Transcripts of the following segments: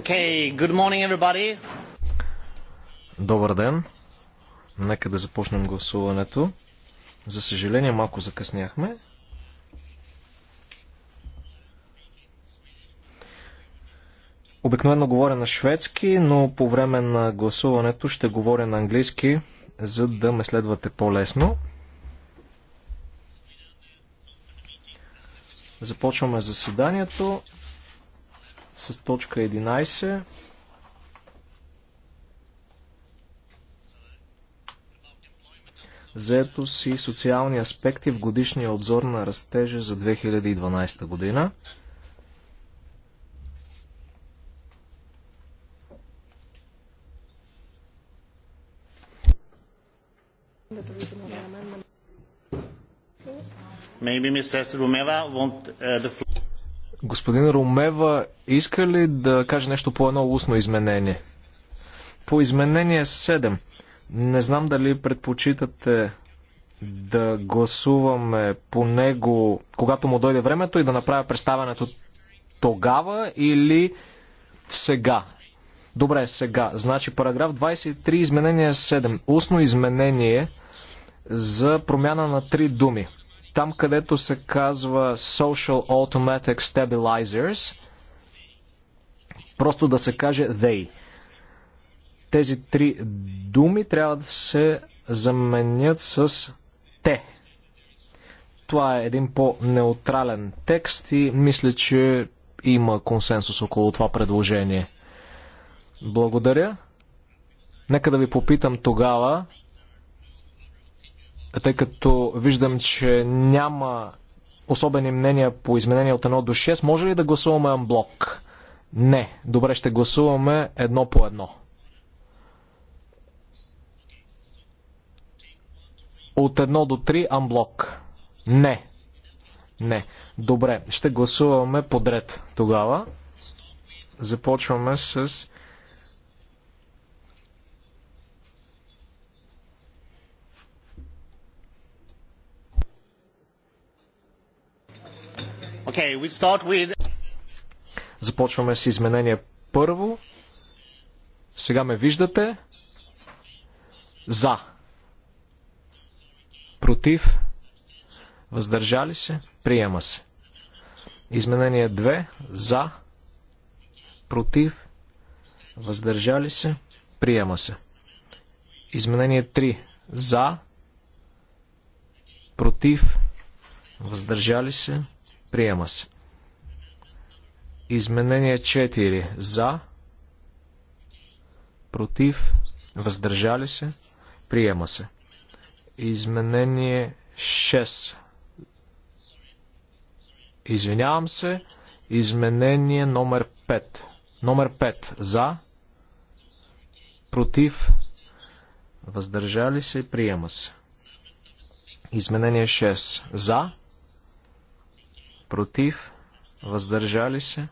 Okay, good morning everybody. Добър ден. Нека да започнем гласуването. За съжаление малко закъсняхме. Обикновено говоря на шведски, но по време на гласуването ще говоря на английски, за да ме следвате по-лесно. Започваме заседанието с точка 11. Заето си социални аспекти в годишния обзор на растежа за 2012 година. Maybe Mr. Rumeva want uh, the floor. Господин Ромева, иска ли да каже нещо по едно устно изменение? По изменение 7. Не знам дали предпочитате да гласуваме по него, когато му дойде времето и да направя представянето тогава или сега. Добре, сега. Значи параграф 23, изменение 7. Устно изменение за промяна на три думи там където се казва Social Automatic Stabilizers, просто да се каже they. Тези три думи трябва да се заменят с те. Това е един по-неутрален текст и мисля, че има консенсус около това предложение. Благодаря. Нека да ви попитам тогава, тъй като виждам, че няма особени мнения по изменения от 1 до 6. Може ли да гласуваме анблок? Не. Добре, ще гласуваме едно по едно. От 1 до 3 анблок. Не. Не. Добре, ще гласуваме подред тогава. Започваме с Okay, we start with... Започваме с изменение първо. Сега ме виждате. За. Против. Въздържали се. Приема се. Изменение 2. За. Против. Въздържали се. Приема се. Изменение 3. За. Против. Въздържали се. Приема се. Изменение 4. За. Против. Въздържали се. Приема се. Изменение 6. Извинявам се. Изменение номер 5. Номер 5. За. Против. Въздържали се. Приема се. Изменение 6. За против, въздържали се,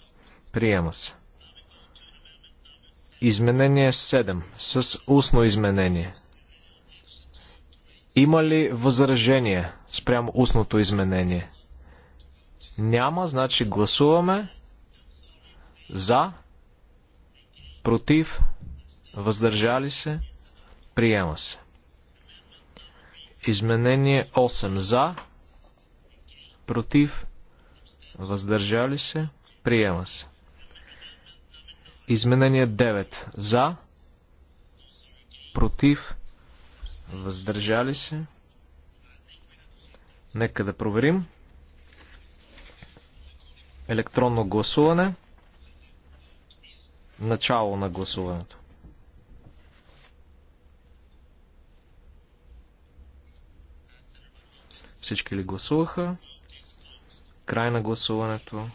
приема се. Изменение 7 с устно изменение. Има ли възражение спрямо устното изменение? Няма, значи гласуваме за, против, въздържали се, приема се. Изменение 8 за, против, въздържали се, приема се. Изменение 9. За, против, въздържали се. Нека да проверим. Електронно гласуване. Начало на гласуването. Всички ли гласуваха? Край на гласуването.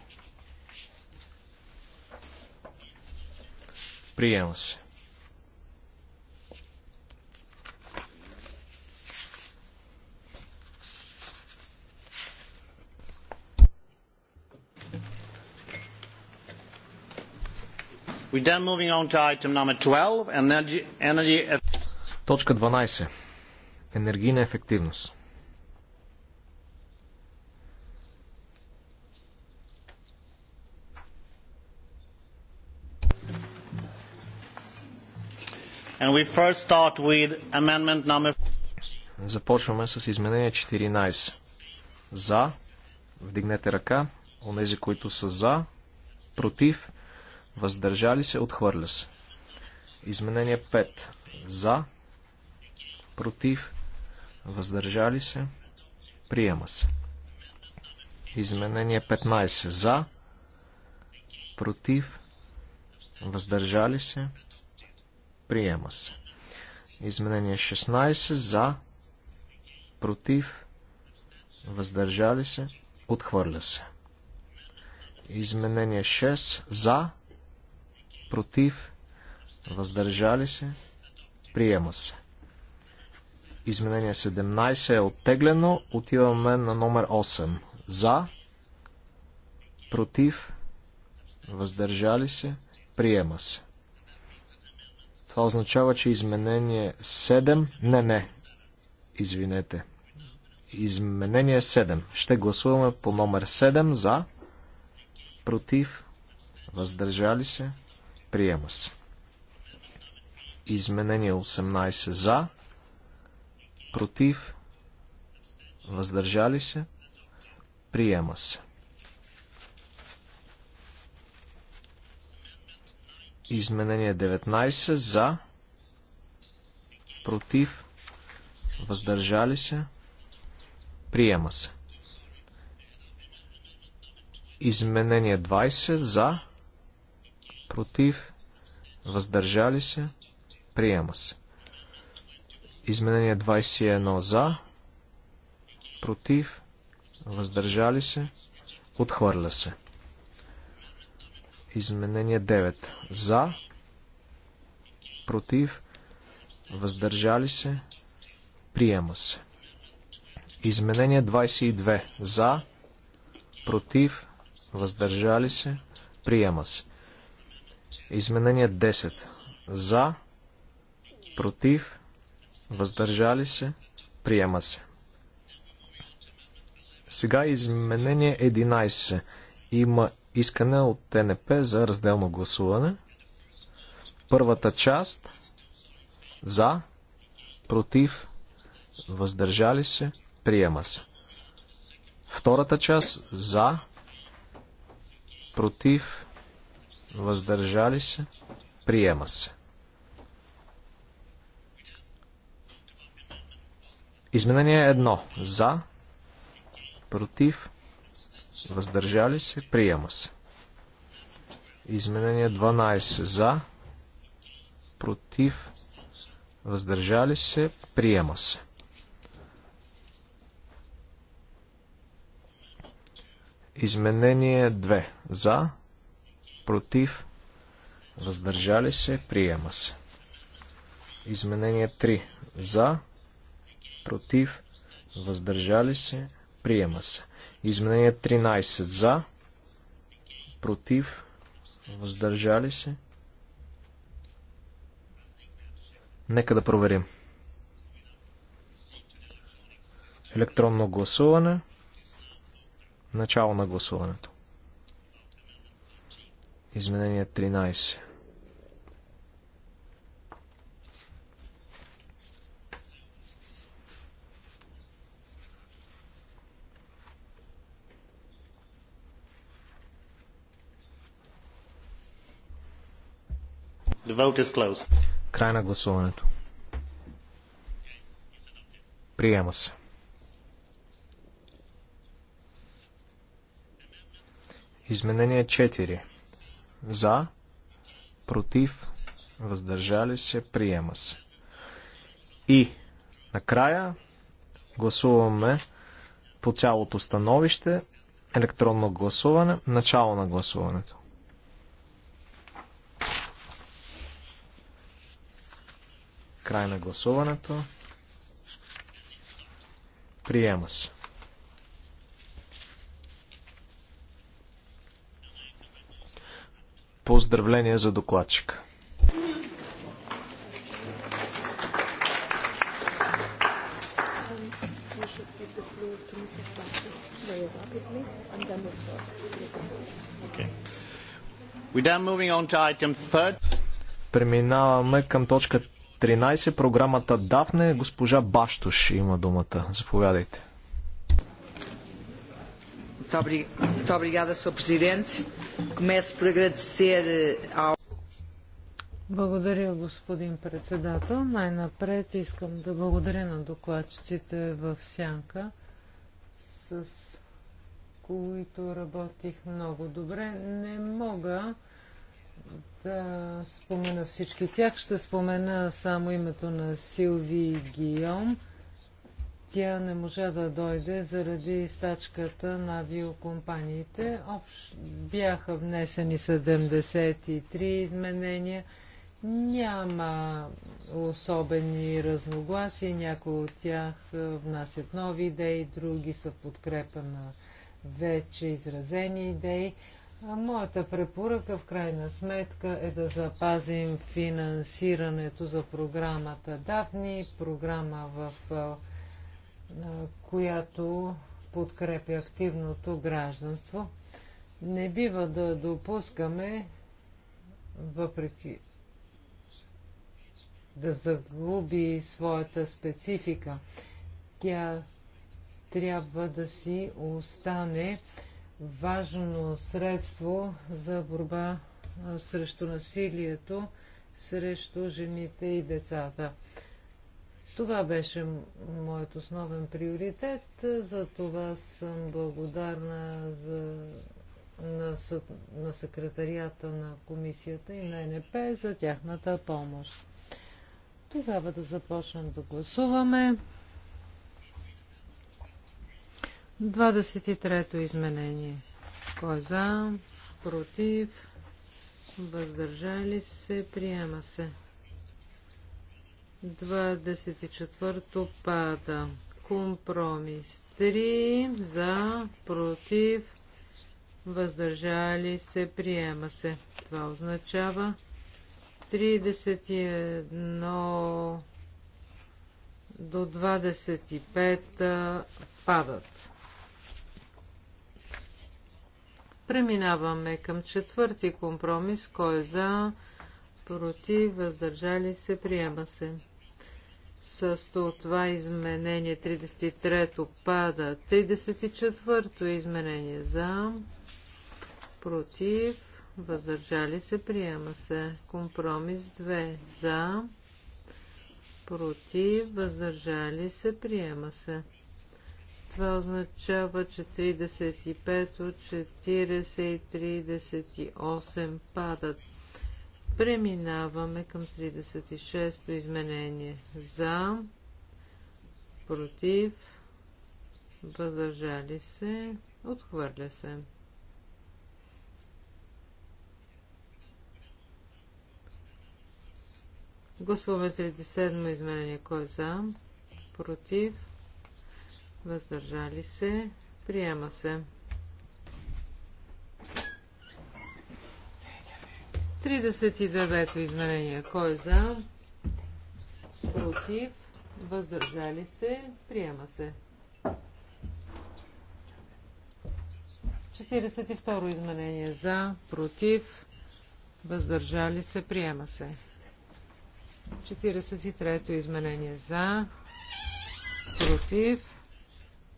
Приема се. Точка 12. Енергийна ефективност. And we first start with amendment number... Започваме с изменение 14. За. Вдигнете ръка. Онези, които са за. Против. Въздържали се. Отхвърля се. Изменение 5. За. Против. Въздържали се. Приема се. Изменение 15. За. Против. Въздържали се. Приема се. Изменение 16 за, против, въздържали се, отхвърля се. Изменение 6 за, против, въздържали се, приема се. Изменение 17 е оттеглено. Отиваме на номер 8. За, против, въздържали се, приема се. Това означава, че изменение 7... Не, не. Извинете. Изменение 7. Ще гласуваме по номер 7 за, против, въздържали се, приема се. Изменение 18 за, против, въздържали се, приема се. Изменение 19 за, против, въздържали се, приема се. Изменение 20 за, против, въздържали се, приема се. Изменение 21 за, против, въздържали се, отхвърля се. Изменение 9. За. Против. Въздържали се. Приема се. Изменение 22. За. Против. Въздържали се. Приема се. Изменение 10. За. Против. Въздържали се. Приема се. Сега изменение 11. Има искане от НП за разделно гласуване. Първата част за, против, въздържали се, приема се. Втората част за, против, въздържали се, приема се. Изменение 1. За, против, въздържали се, приема се. Изменение 12 за, против, въздържали се, приема се. Изменение 2 за, против, въздържали се, приема се. Изменение 3 за, против, въздържали се, приема се. Изменение 13 за, против, въздържали се. Нека да проверим. Електронно гласуване. Начало на гласуването. Изменение 13. The vote is closed. Край на гласуването. Приема се. Изменение 4. За, против, въздържали се, приема се. И накрая гласуваме по цялото становище електронно гласуване, начало на гласуването. Край на гласуването. Приема се. Поздравление за докладчика. Преминаваме към точка 13, програмата Дафне. Госпожа Баштош има думата. Заповядайте. Muito obrigada, Sr. Presidente. Começo por agradecer ao. Благодаря, господин председател. Най-напред искам да благодаря на докладчиците в Сянка, с които работих много добре. Не мога да спомена всички тях. Ще спомена само името на Силви Гийом. Тя не можа да дойде заради стачката на авиокомпаниите. Общ... Бяха внесени 73 изменения. Няма особени разногласия. Някои от тях внасят нови идеи, други са в подкрепа на вече изразени идеи. Моята препоръка в крайна сметка е да запазим финансирането за програмата Дафни, програма в която подкрепя активното гражданство. Не бива да допускаме, въпреки да загуби своята специфика. Тя трябва да си остане важно средство за борба срещу насилието срещу жените и децата. Това беше моят основен приоритет, за това съм благодарна за, на, на секретарията на комисията и на НП за тяхната помощ. Тогава да започнем да гласуваме. 23-то изменение. Кой е за? Против? Въздържали се? Приема се. 24-то пада. Компромис. 3 за, против, въздържали се, приема се. Това означава 31 до 25 падат. Преминаваме към четвърти компромис. Кой е за? Против? Въздържали се? Приема се. С това изменение 33-то пада. 34-то изменение за, против, въздържали се, приема се. Компромис 2 за, против, въздържали се, приема се. Това означава, че 35, 40 и 38 падат. Преминаваме към 36-то изменение. За, против, въздържали се, отхвърля се. Гласуваме 37-мо изменение. Кой е за? Против? въздържали се, приема се. 39-то изменение. Кой е за? Против. Въздържали се. Приема се. 42-ро изменение. За. Против. Въздържали се. Приема се. 43-то изменение. За. Против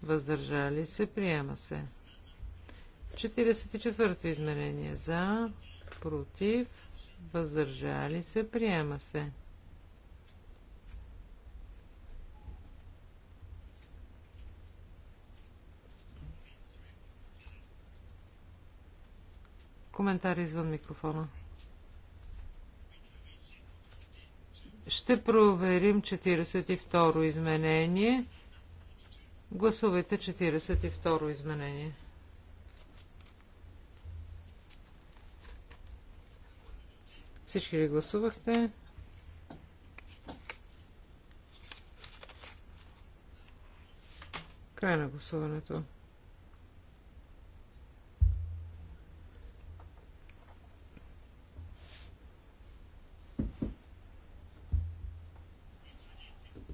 въздържали се, приема се. 44-то изменение за, против, въздържали се, приема се. Коментари извън микрофона. Ще проверим 42-ро изменение. Гласувайте 42-ро изменение. Всички ли гласувахте? Край на гласуването.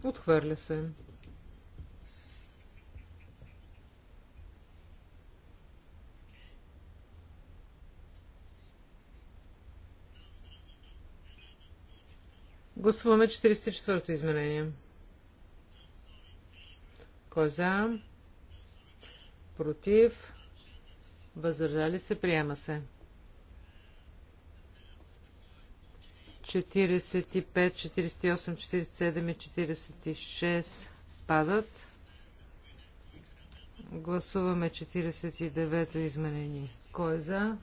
Отхвърля се. Гласуваме 44-то изменение. Кой за? Против? Въздържали се? Приема се. 45, 48, 47 и 46 падат. Гласуваме 49-то изменение. Кой е за?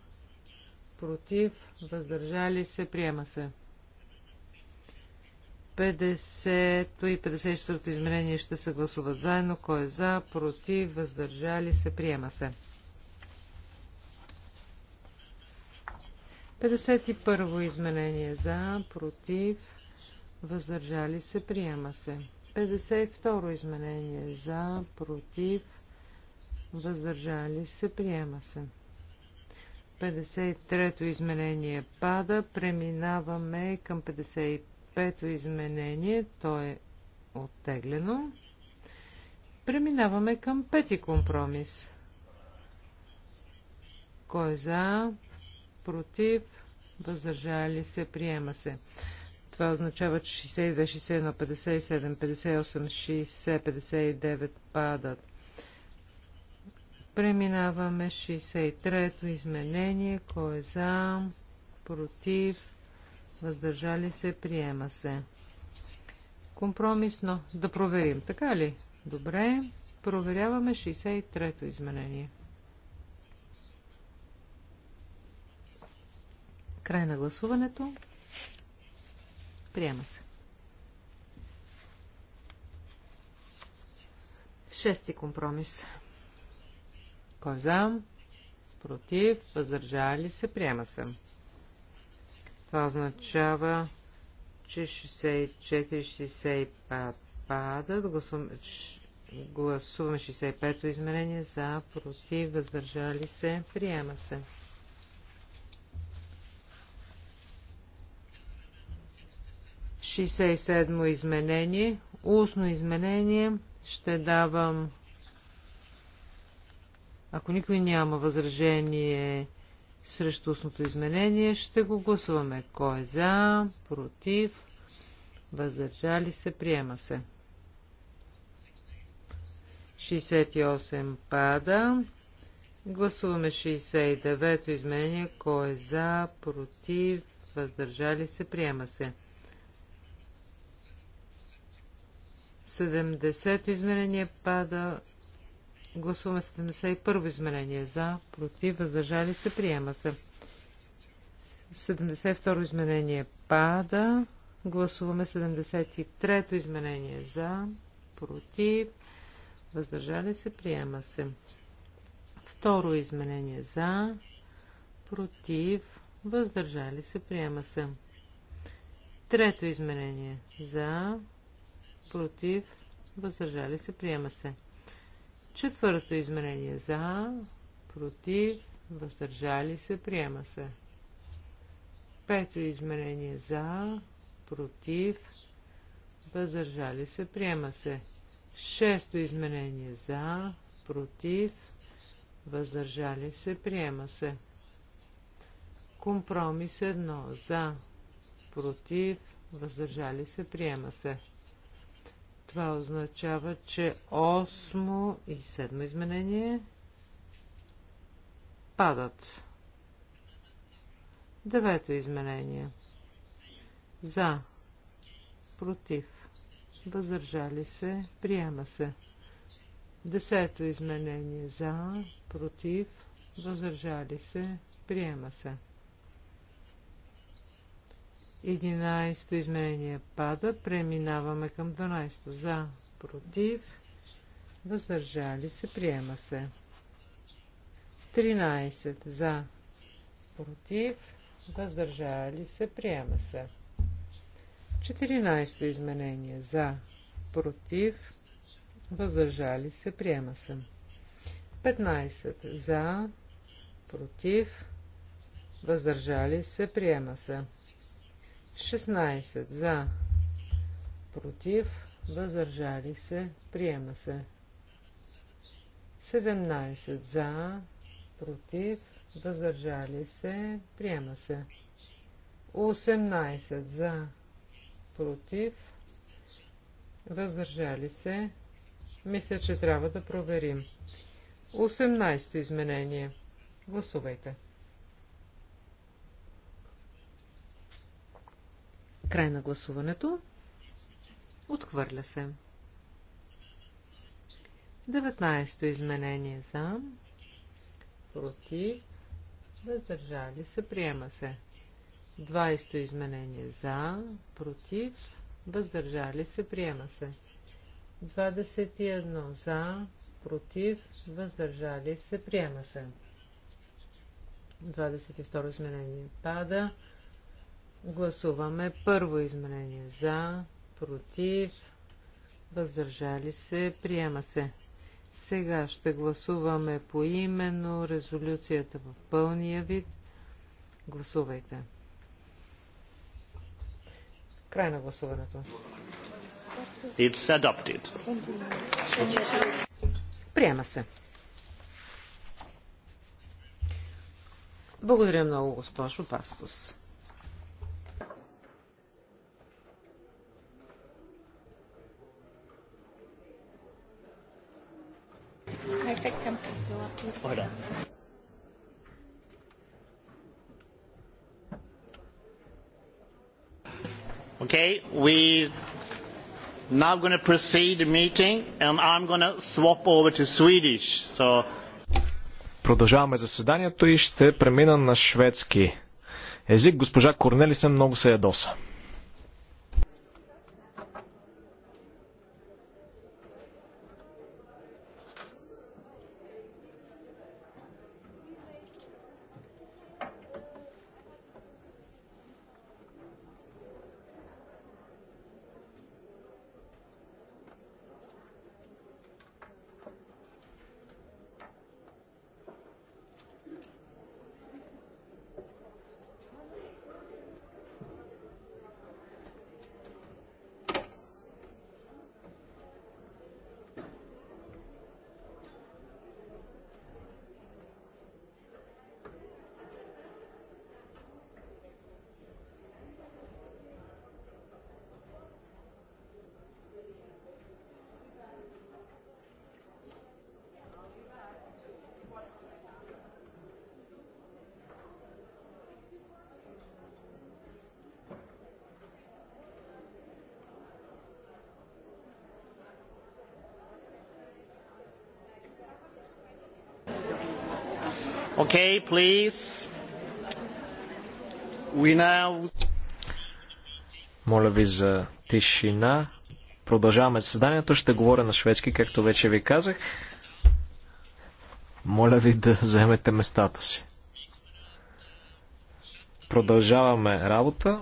Против? Въздържали се? Приема се. 50-то и 54-то измерение ще се гласуват заедно. Кой е за, против, въздържали се, приема се. 51-во изменение за, против, въздържали се, приема се. 52-ро изменение за, против, въздържали се, приема се. 53-то изменение пада, преминаваме към 55 пето изменение, то е оттеглено. Преминаваме към пети компромис. Кой е за? Против? Въздържали се? Приема се. Това означава, че 62, 61, 57, 58, 60, 59 падат. Преминаваме 63-то изменение. Кой е за? Против? въздържали се, приема се. Компромисно, да проверим, така ли? Добре, проверяваме 63-то изменение. Край на гласуването. Приема се. Шести компромис. Кой е за? Против? Въздържали се? Приема се. Това означава, че 64-65 падат. Гласуваме, гласуваме 65-то измерение за, против, въздържали се, приема се. Шестдесет седмо изменение, устно изменение, ще давам, ако никой няма възражение срещу устното изменение. Ще го гласуваме. Кой е за, против, въздържали се, приема се. 68 пада. Гласуваме 69-то изменение. Кой е за, против, въздържали се, приема се. 70-то изменение пада. Гласуваме 71 изменение за, против, въздържали се, приема се. 72 изменение пада. Гласуваме 73-то изменение за, против, въздържали се, приема се. Второ изменение за, против, въздържали се, приема се. Трето изменение за, против, въздържали се, приема се. Четвърто изменение за, против, въздържали се, приема се. Пето изменение за, против, въздържали се, приема се. Шесто изменение за, против, въздържали се, приема се. Компромис едно за, против, въздържали се, приема се. Това означава, че 8 и 7 изменение падат. Девето изменение. За. Против. Въздържали се. Приема се. Десето изменение. За. Против. Въздържали се. Приема се. 11-то изменение пада. Преминаваме към 12-то. За, против, въздържали се, приема се. 13 за, против, въздържали се, приема се. 14 изменение за, против, въздържали се, приема се. 15 за, против, въздържали се, приема се. 16 за, против, въздържали се, приема се. 17 за, против, въздържали се, приема се. 18 за, против, въздържали се. Мисля, че трябва да проверим. 18 изменение. Гласувайте. 18. Край на гласуването. Отхвърля се. 19-то изменение за, против, въздържали се, приема се. 20-то изменение за, против, въздържали се, приема се. 21 за, против, въздържали се, приема се. 22 изменение пада. Гласуваме първо изменение за, против, въздържали се, приема се. Сега ще гласуваме по именно резолюцията в пълния вид. Гласувайте. Край на гласуването. It's adopted. Приема се. Благодаря много, госпожо Пастус. Voilà. Okay, we now going to proceed the meeting and I'm going to swap over to Swedish. So Продължаваме заседанието и ще премина на шведски език. Госпожа Корнелисен много се ядоса. Okay, please. Моля ви за тишина. Продължаваме създанието. Ще говоря на шведски, както вече ви казах. Моля ви да заемете местата си. Продължаваме работа.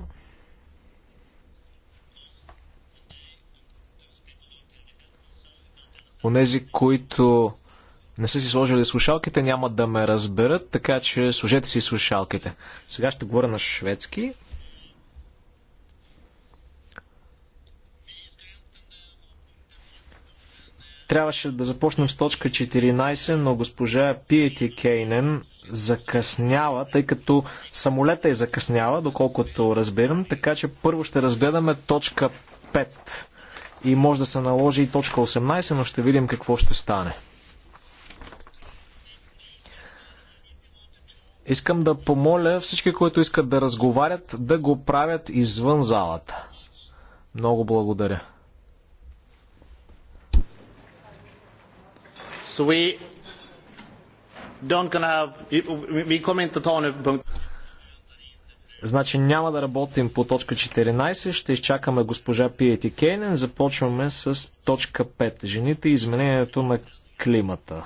Онези, които не са си сложили слушалките, няма да ме разберат, така че сложете си слушалките. Сега ще говоря на шведски. Трябваше да започнем с точка 14, но госпожа Пиети Кейнен закъснява, тъй като самолета е закъснява, доколкото разбирам, така че първо ще разгледаме точка 5 и може да се наложи и точка 18, но ще видим какво ще стане. Искам да помоля всички, които искат да разговарят, да го правят извън залата. Много благодаря. So we don't gonna, we comment Значи няма да работим по точка 14, ще изчакаме госпожа Пиети Кейнен. Започваме с точка 5. Жените и изменението на климата.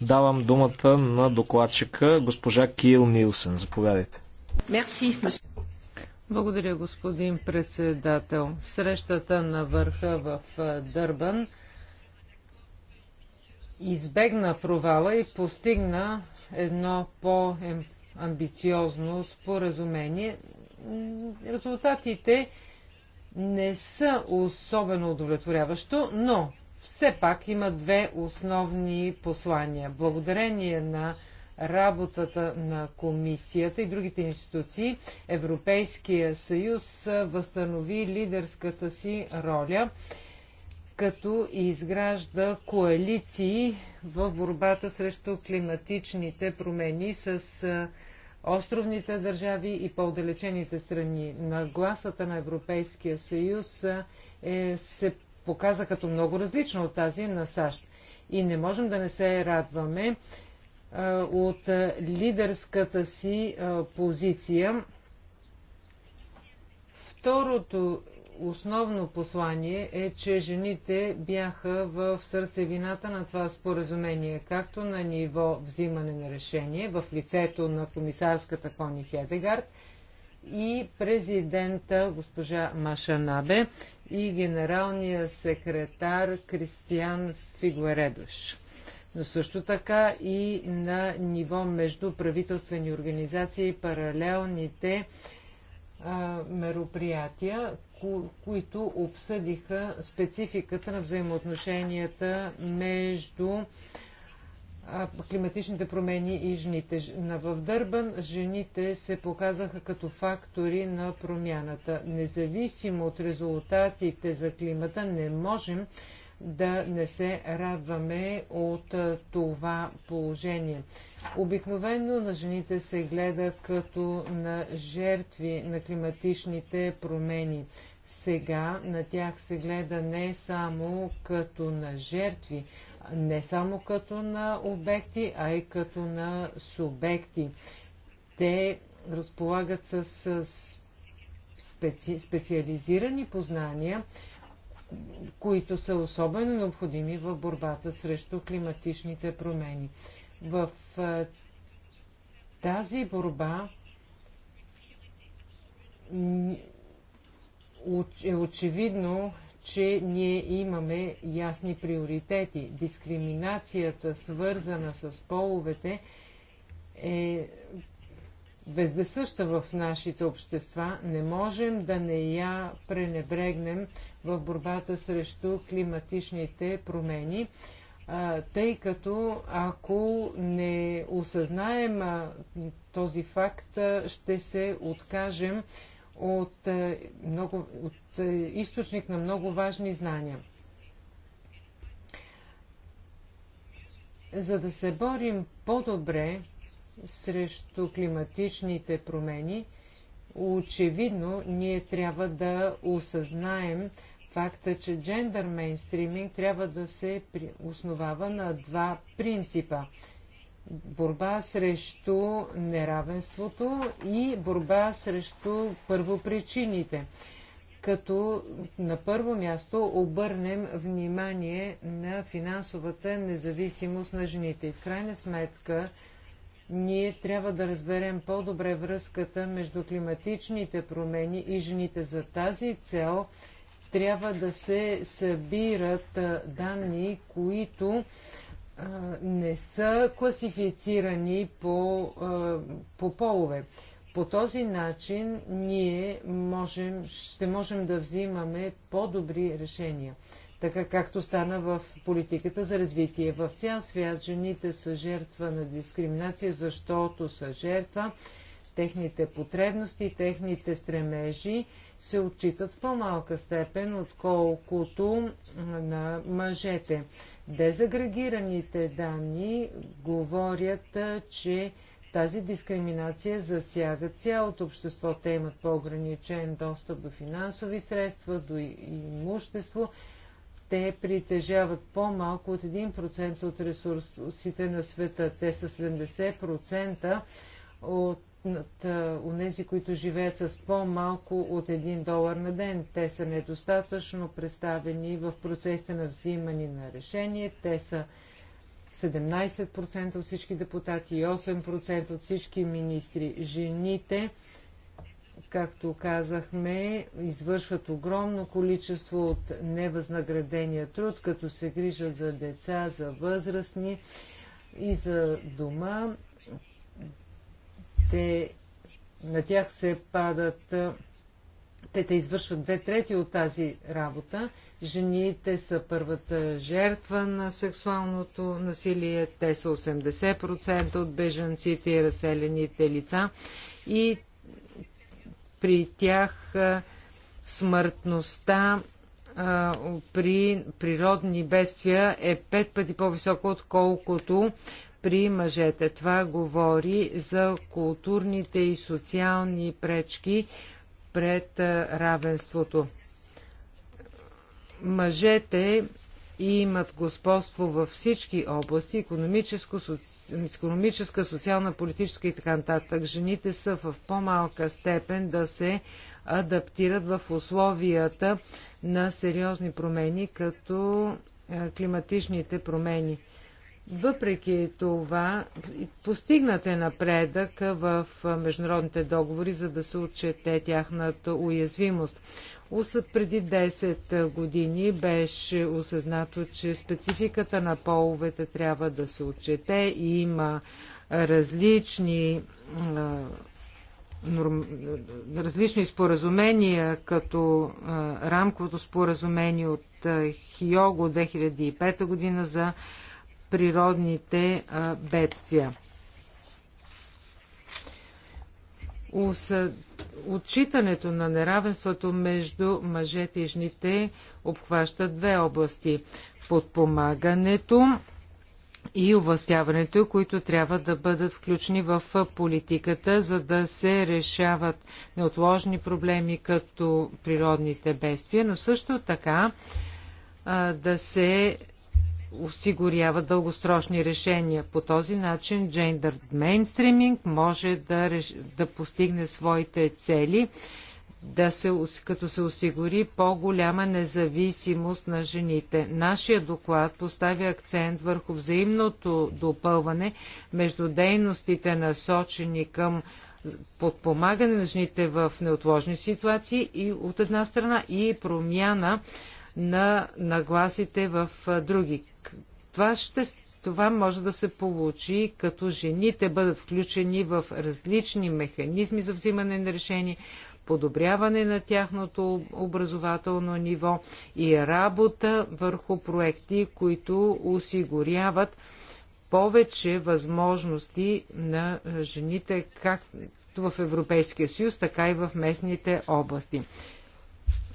Давам думата на докладчика госпожа Кил Нилсен. Заповядайте. Мерси. Благодаря, господин председател. Срещата на върха в Дърбан избегна провала и постигна едно по-амбициозно споразумение. Резултатите не са особено удовлетворяващо, но все пак има две основни послания. Благодарение на работата на комисията и другите институции, Европейския съюз възстанови лидерската си роля, като изгражда коалиции в борбата срещу климатичните промени с островните държави и по-далечените страни. Нагласата на Европейския съюз е, се показа като много различна от тази на САЩ. И не можем да не се радваме а, от а, лидерската си а, позиция. Второто основно послание е, че жените бяха в сърцевината на това споразумение, както на ниво взимане на решение в лицето на комисарската Кони Хедегард и президента госпожа Машанабе, и генералния секретар Кристиан Фигуередош. Но също така и на ниво между правителствени организации и паралелните а, мероприятия, ко- които обсъдиха спецификата на взаимоотношенията между климатичните промени и жените. В Дърбан жените се показаха като фактори на промяната. Независимо от резултатите за климата, не можем да не се радваме от това положение. Обикновено на жените се гледа като на жертви на климатичните промени. Сега на тях се гледа не само като на жертви, не само като на обекти, а и като на субекти. Те разполагат с специ, специализирани познания, които са особено необходими в борбата срещу климатичните промени. В тази борба е очевидно, че ние имаме ясни приоритети. Дискриминацията, свързана с половете, е вездесъща в нашите общества. Не можем да не я пренебрегнем в борбата срещу климатичните промени, тъй като ако не осъзнаем този факт, ще се откажем от, е, много, от е, източник на много важни знания. За да се борим по-добре срещу климатичните промени, очевидно ние трябва да осъзнаем факта, че джендър мейнстриминг трябва да се основава на два принципа борба срещу неравенството и борба срещу първопричините. Като на първо място обърнем внимание на финансовата независимост на жените. И в крайна сметка, ние трябва да разберем по-добре връзката между климатичните промени и жените. За тази цел трябва да се събират данни, които не са класифицирани по, по полове. По този начин ние можем, ще можем да взимаме по-добри решения, така както стана в политиката за развитие. В цял свят жените са жертва на дискриминация, защото са жертва. Техните потребности, техните стремежи се отчитат в по-малка степен, отколкото на мъжете. Дезагрегираните данни говорят, че тази дискриминация засяга цялото общество. Те имат по-ограничен достъп до финансови средства, до имущество. Те притежават по-малко от 1% от ресурсите на света. Те са 70% от от онези, които живеят с по-малко от 1 долар на ден. Те са недостатъчно представени в процесите на взимане на решение. Те са 17% от всички депутати и 8% от всички министри. Жените, както казахме, извършват огромно количество от невъзнаградения труд, като се грижат за деца, за възрастни и за дома те, на тях се падат, те те извършват две трети от тази работа. Жените са първата жертва на сексуалното насилие, те са 80% от бежанците и разселените лица и при тях смъртността при природни бедствия е пет пъти по-висока, отколкото при мъжете. Това говори за културните и социални пречки пред равенството. Мъжете имат господство във всички области соци... економическа, социална, политическа и така нататък. Жените са в по-малка степен да се адаптират в условията на сериозни промени, като климатичните промени. Въпреки това, постигнат е напредък в международните договори, за да се отчете тяхната уязвимост. Усът преди 10 години беше осъзнато, че спецификата на половете трябва да се отчете и има различни различни споразумения, като рамковото споразумение от Хиого 2005 година за природните бедствия. Отчитането на неравенството между мъжете и жените обхваща две области. Подпомагането и овластяването, които трябва да бъдат включени в политиката, за да се решават неотложни проблеми като природните бедствия, но също така да се осигурява дългосрочни решения. По този начин джендър мейнстриминг може да, реш... да постигне своите цели, да се, като се осигури по-голяма независимост на жените. Нашия доклад поставя акцент върху взаимното допълване между дейностите насочени към подпомагане на жените в неотложни ситуации и от една страна и промяна на нагласите в други. Това, ще, това може да се получи, като жените бъдат включени в различни механизми за взимане на решения, подобряване на тяхното образователно ниво и работа върху проекти, които осигуряват повече възможности на жените както в Европейския съюз, така и в местните области.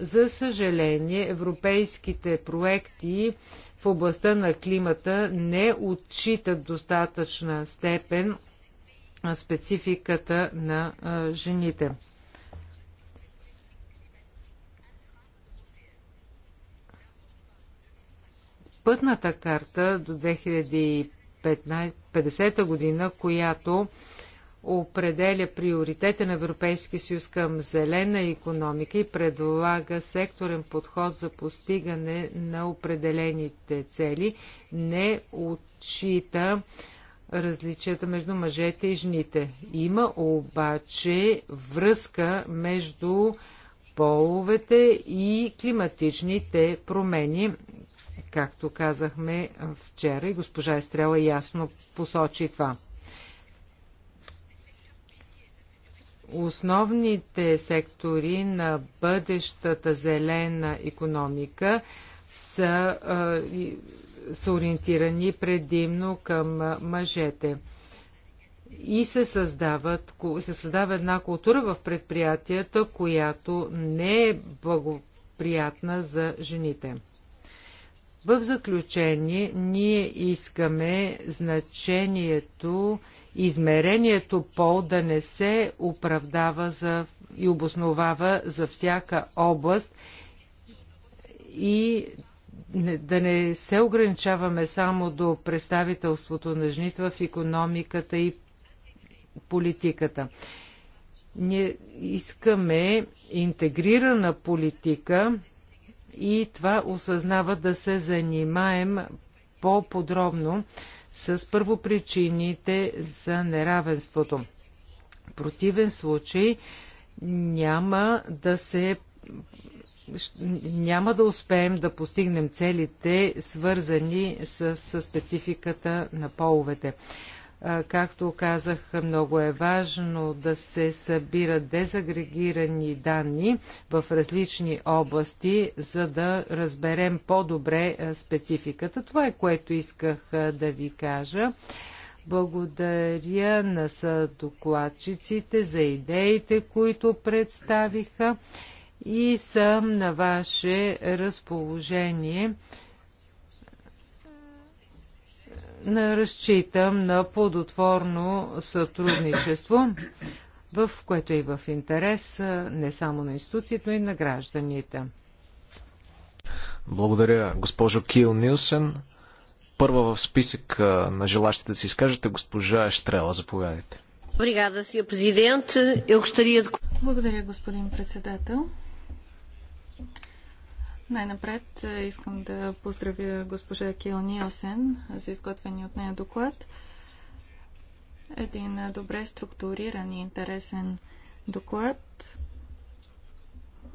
За съжаление, европейските проекти в областта на климата не отчитат достатъчна степен спецификата на жените. Пътната карта до 2050 година, която определя приоритета на Европейския съюз към зелена економика и предлага секторен подход за постигане на определените цели, не отчита различията между мъжете и жените. Има обаче връзка между половете и климатичните промени, както казахме вчера и госпожа Естрела ясно посочи това. основните сектори на бъдещата зелена економика са, са ориентирани предимно към мъжете. И се, създават, се създава една култура в предприятията, която не е благоприятна за жените. В заключение, ние искаме значението измерението пол да не се оправдава за, и обосновава за всяка област и да не се ограничаваме само до представителството на жените в економиката и политиката. Ние искаме интегрирана политика и това осъзнава да се занимаем по-подробно с първопричините за неравенството. В противен случай няма да се няма да успеем да постигнем целите, свързани с, с спецификата на половете. Както казах, много е важно да се събират дезагрегирани данни в различни области, за да разберем по-добре спецификата. Това е което исках да ви кажа. Благодаря на съдокладчиците за идеите, които представиха и съм на ваше разположение разчитам на плодотворно сътрудничество, в което и в интерес не само на институциите, но и на гражданите. Благодаря, госпожо Кил Нилсен. Първа в списък на желащите да си изкажете, госпожа Штрела, Заповядайте. Благодаря, господин председател. Най-напред е, искам да поздравя госпожа Кил Ниосен за изготвения от нея доклад. Един е, добре структуриран и интересен доклад.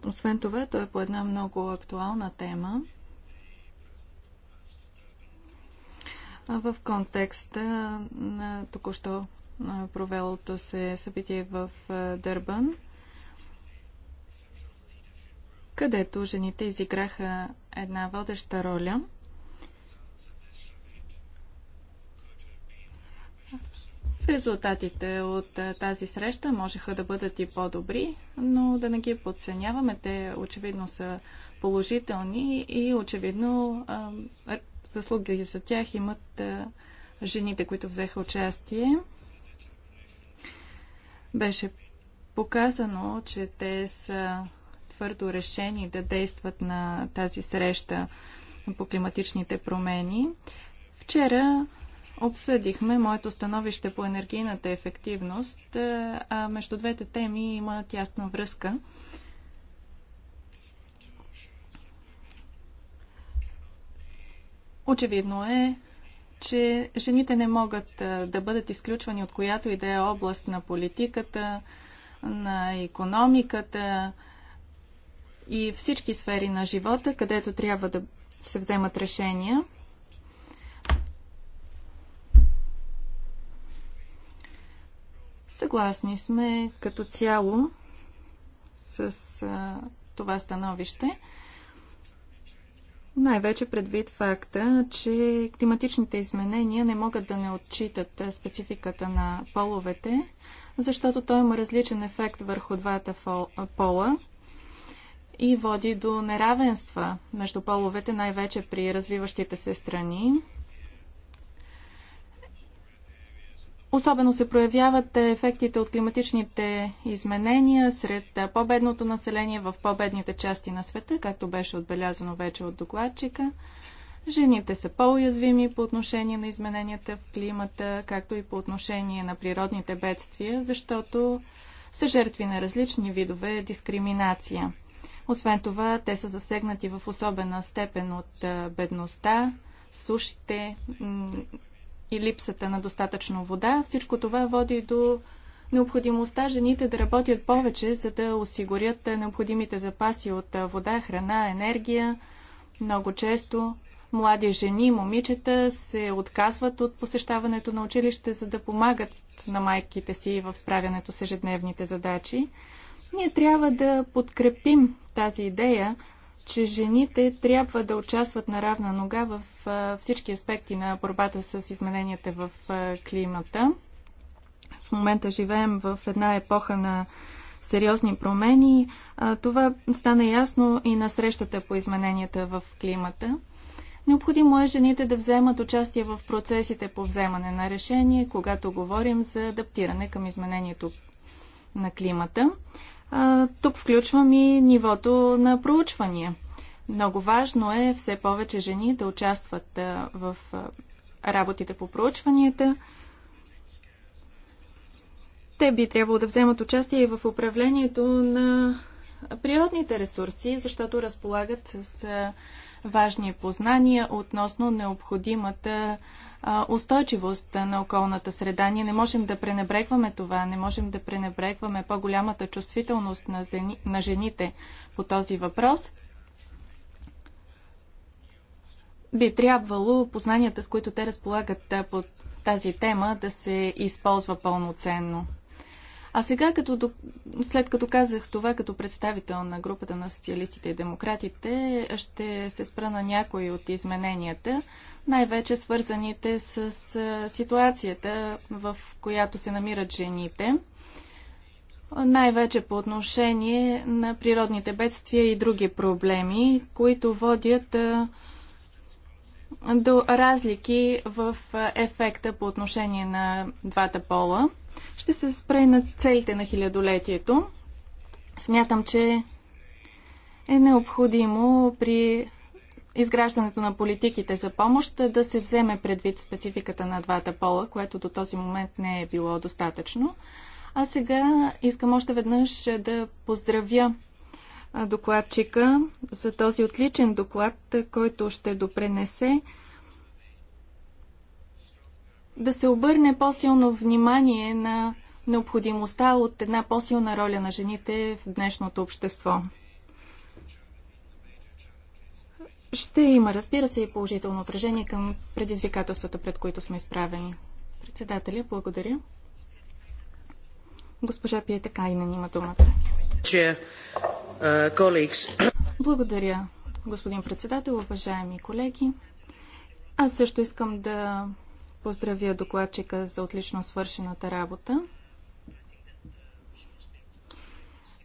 Освен това, той е по една много актуална тема. в контекста на току-що провелото се събитие в Дърбан където жените изиграха една водеща роля. Резултатите от тази среща можеха да бъдат и по-добри, но да не ги подценяваме. Те очевидно са положителни и очевидно заслуги за тях имат жените, които взеха участие. Беше показано, че те са твърдо решени да действат на тази среща по климатичните промени. Вчера обсъдихме моето становище по енергийната ефективност, а между двете теми има тясна връзка. Очевидно е, че жените не могат да бъдат изключвани от която и да е област на политиката, на економиката, и всички сфери на живота, където трябва да се вземат решения. Съгласни сме като цяло с а, това становище. Най-вече предвид факта, че климатичните изменения не могат да не отчитат спецификата на половете, защото той има различен ефект върху двата пола и води до неравенства между половете, най-вече при развиващите се страни. Особено се проявяват ефектите от климатичните изменения сред по-бедното население в по-бедните части на света, както беше отбелязано вече от докладчика. Жените са по-уязвими по отношение на измененията в климата, както и по отношение на природните бедствия, защото са жертви на различни видове дискриминация. Освен това, те са засегнати в особена степен от бедността, сушите и липсата на достатъчно вода. Всичко това води до необходимостта жените да работят повече, за да осигурят необходимите запаси от вода, храна, енергия. Много често млади жени, момичета се отказват от посещаването на училище, за да помагат на майките си в справянето с ежедневните задачи. Ние трябва да подкрепим тази идея, че жените трябва да участват на равна нога в всички аспекти на борбата с измененията в климата. В момента живеем в една епоха на сериозни промени. Това стана ясно и на срещата по измененията в климата. Необходимо е жените да вземат участие в процесите по вземане на решение, когато говорим за адаптиране към изменението на климата. А, тук включвам и нивото на проучвания. Много важно е все повече жени да участват а, в а, работите по проучванията. Те би трябвало да вземат участие и в управлението на природните ресурси, защото разполагат с важни познания относно необходимата устойчивост на околната среда. Ние не можем да пренебрегваме това, не можем да пренебрегваме по-голямата чувствителност на, зени, на жените по този въпрос. Би трябвало познанията, с които те разполагат по тази тема, да се използва пълноценно. А сега, като, след като казах това като представител на групата на социалистите и демократите, ще се спра на някои от измененията, най-вече свързаните с ситуацията, в която се намират жените, най-вече по отношение на природните бедствия и други проблеми, които водят до разлики в ефекта по отношение на двата пола. Ще се спре на целите на хилядолетието. Смятам, че е необходимо при изграждането на политиките за помощ да се вземе предвид спецификата на двата пола, което до този момент не е било достатъчно. А сега искам още веднъж да поздравя докладчика за този отличен доклад, който ще допренесе да се обърне по-силно внимание на необходимостта от една по-силна роля на жените в днешното общество. Ще има, разбира се, и положително отражение към предизвикателствата, пред които сме изправени. Председателя, благодаря. Госпожа Пиета Кайнен има думата. Е, благодаря, господин председател, уважаеми колеги. Аз също искам да поздравя докладчика за отлично свършената работа.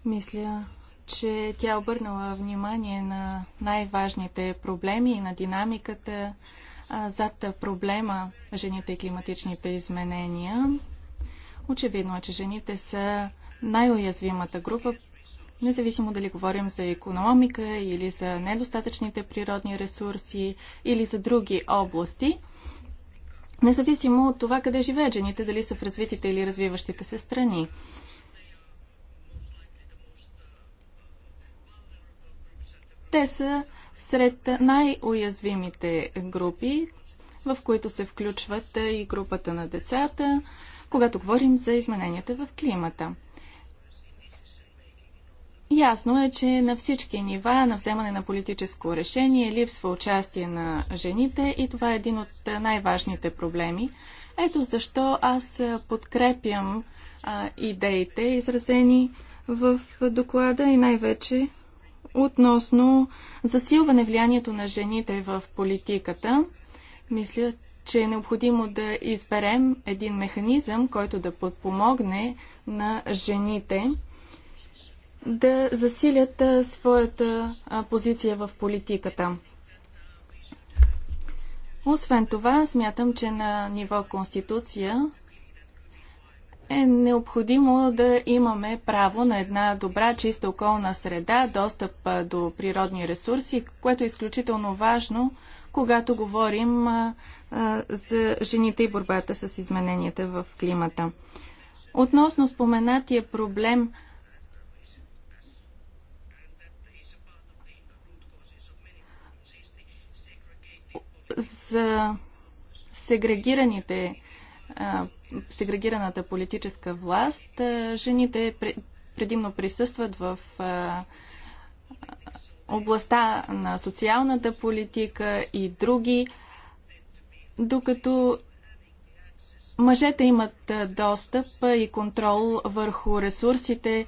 Мисля, че тя е обърнала внимание на най-важните проблеми и на динамиката зад проблема жените и климатичните изменения. Очевидно е, че жените са най-уязвимата група, независимо дали говорим за економика или за недостатъчните природни ресурси или за други области – независимо от това къде живеят жените, дали са в развитите или развиващите се страни. Те са сред най-уязвимите групи, в които се включват и групата на децата, когато говорим за измененията в климата. Ясно е, че на всички нива на вземане на политическо решение липсва участие на жените и това е един от най-важните проблеми. Ето защо аз подкрепям а, идеите, изразени в доклада и най-вече относно засилване влиянието на жените в политиката. Мисля, че е необходимо да изберем един механизъм, който да подпомогне на жените да засилят своята позиция в политиката. Освен това, смятам, че на ниво Конституция е необходимо да имаме право на една добра, чиста околна среда, достъп до природни ресурси, което е изключително важно, когато говорим за жените и борбата с измененията в климата. Относно споменатия проблем – за сегрегираните, сегрегираната политическа власт, жените предимно присъстват в областта на социалната политика и други, докато мъжете имат достъп и контрол върху ресурсите,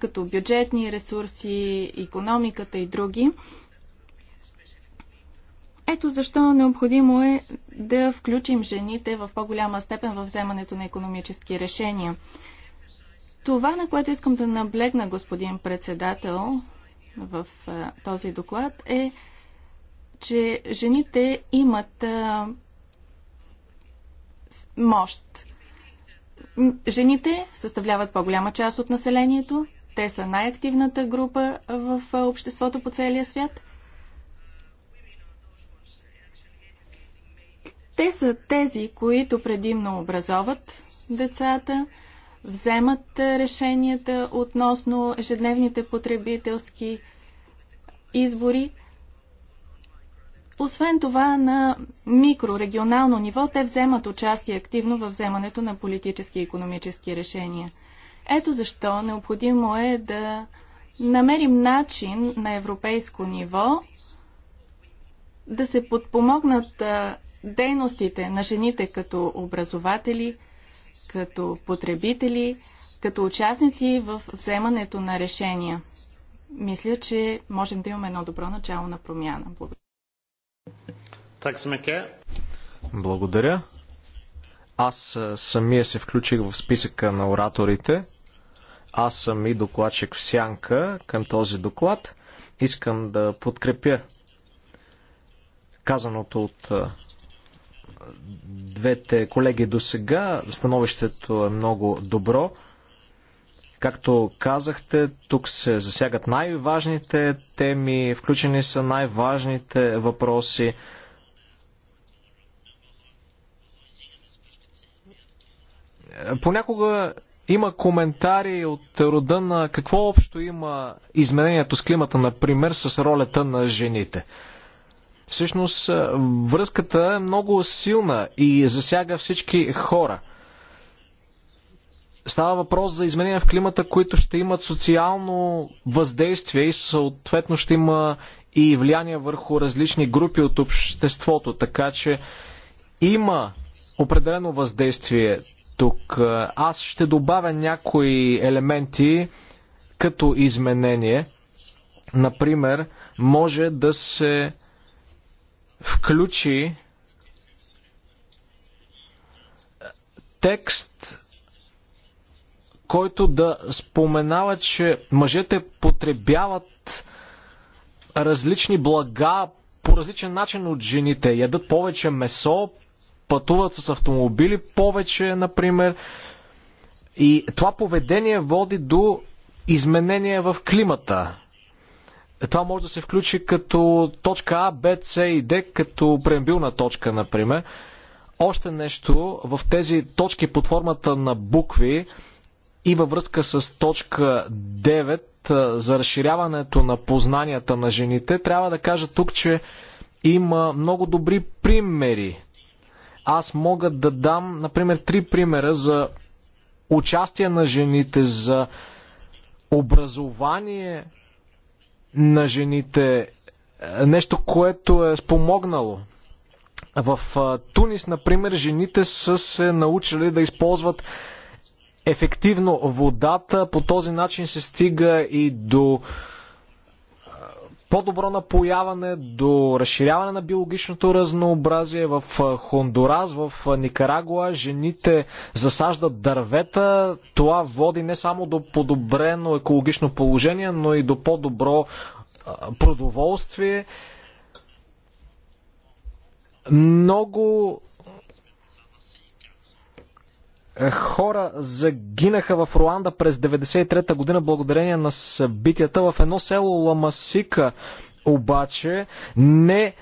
като бюджетни ресурси, економиката и други. Ето защо необходимо е да включим жените в по-голяма степен в вземането на економически решения. Това, на което искам да наблегна, господин председател, в този доклад е, че жените имат мощ. Жените съставляват по-голяма част от населението. Те са най-активната група в обществото по целия свят – Те са тези, които предимно образоват децата, вземат решенията относно ежедневните потребителски избори. Освен това, на микрорегионално ниво те вземат участие активно във вземането на политически и економически решения. Ето защо необходимо е да намерим начин на европейско ниво да се подпомогнат дейностите на жените като образователи, като потребители, като участници в вземането на решения. Мисля, че можем да имаме едно добро начало на промяна. Благодаря. Благодаря. Аз самия се включих в списъка на ораторите. Аз съм и докладчик в сянка към този доклад. Искам да подкрепя казаното от двете колеги до сега. Становището е много добро. Както казахте, тук се засягат най-важните теми, включени са най-важните въпроси. Понякога има коментари от рода на какво общо има изменението с климата, например, с ролята на жените. Всъщност връзката е много силна и засяга всички хора. Става въпрос за изменения в климата, които ще имат социално въздействие и съответно ще има и влияние върху различни групи от обществото. Така че има определено въздействие тук. Аз ще добавя някои елементи като изменение. Например, може да се включи текст, който да споменава, че мъжете потребяват различни блага по различен начин от жените. Ядат повече месо, пътуват с автомобили повече, например. И това поведение води до изменения в климата това може да се включи като точка А, Б, С и Д, като преамбилна точка, например. Още нещо, в тези точки под формата на букви и във връзка с точка 9 за разширяването на познанията на жените, трябва да кажа тук, че има много добри примери. Аз мога да дам, например, три примера за участие на жените, за образование на жените. Е, нещо, което е спомогнало. В Тунис, например, жените са се научили да използват ефективно водата. По този начин се стига и до по-добро напояване, до разширяване на биологичното разнообразие в Хондурас, в Никарагуа. Жените засаждат дървета. Това води не само до подобрено екологично положение, но и до по-добро продоволствие. Много хора загинаха в Руанда през 1993 година благодарение на събитията. В едно село Ламасика обаче не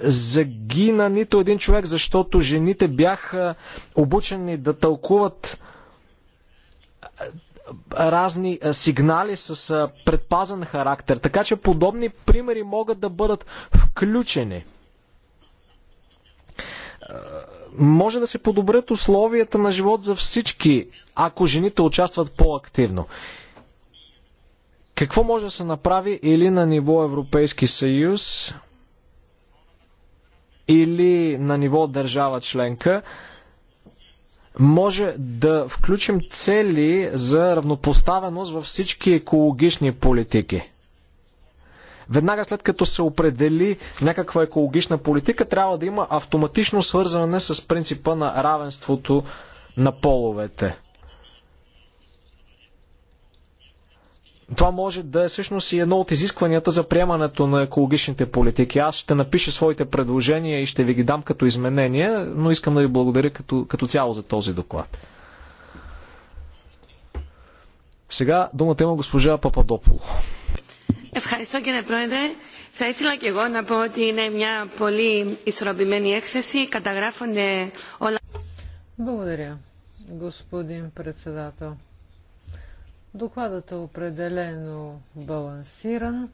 загина нито един човек, защото жените бяха обучени да тълкуват разни сигнали с предпазен характер. Така че подобни примери могат да бъдат включени може да се подобрят условията на живот за всички, ако жените участват по-активно. Какво може да се направи или на ниво Европейски съюз, или на ниво държава членка? може да включим цели за равнопоставеност във всички екологични политики. Веднага след като се определи някаква екологична политика, трябва да има автоматично свързване с принципа на равенството на половете. Това може да е всъщност и едно от изискванията за приемането на екологичните политики. Аз ще напиша своите предложения и ще ви ги дам като изменения, но искам да ви благодаря като, като цяло за този доклад. Сега думата има госпожа Пападополо. Ευχαριστώ κύριε Πρόεδρε. Θα ήθελα και εγώ να πω ότι είναι μια πολύ ισορροπημένη έκθεση. Καταγράφονται όλα. Благодаря, господин председател. Докладът е определено балансиран.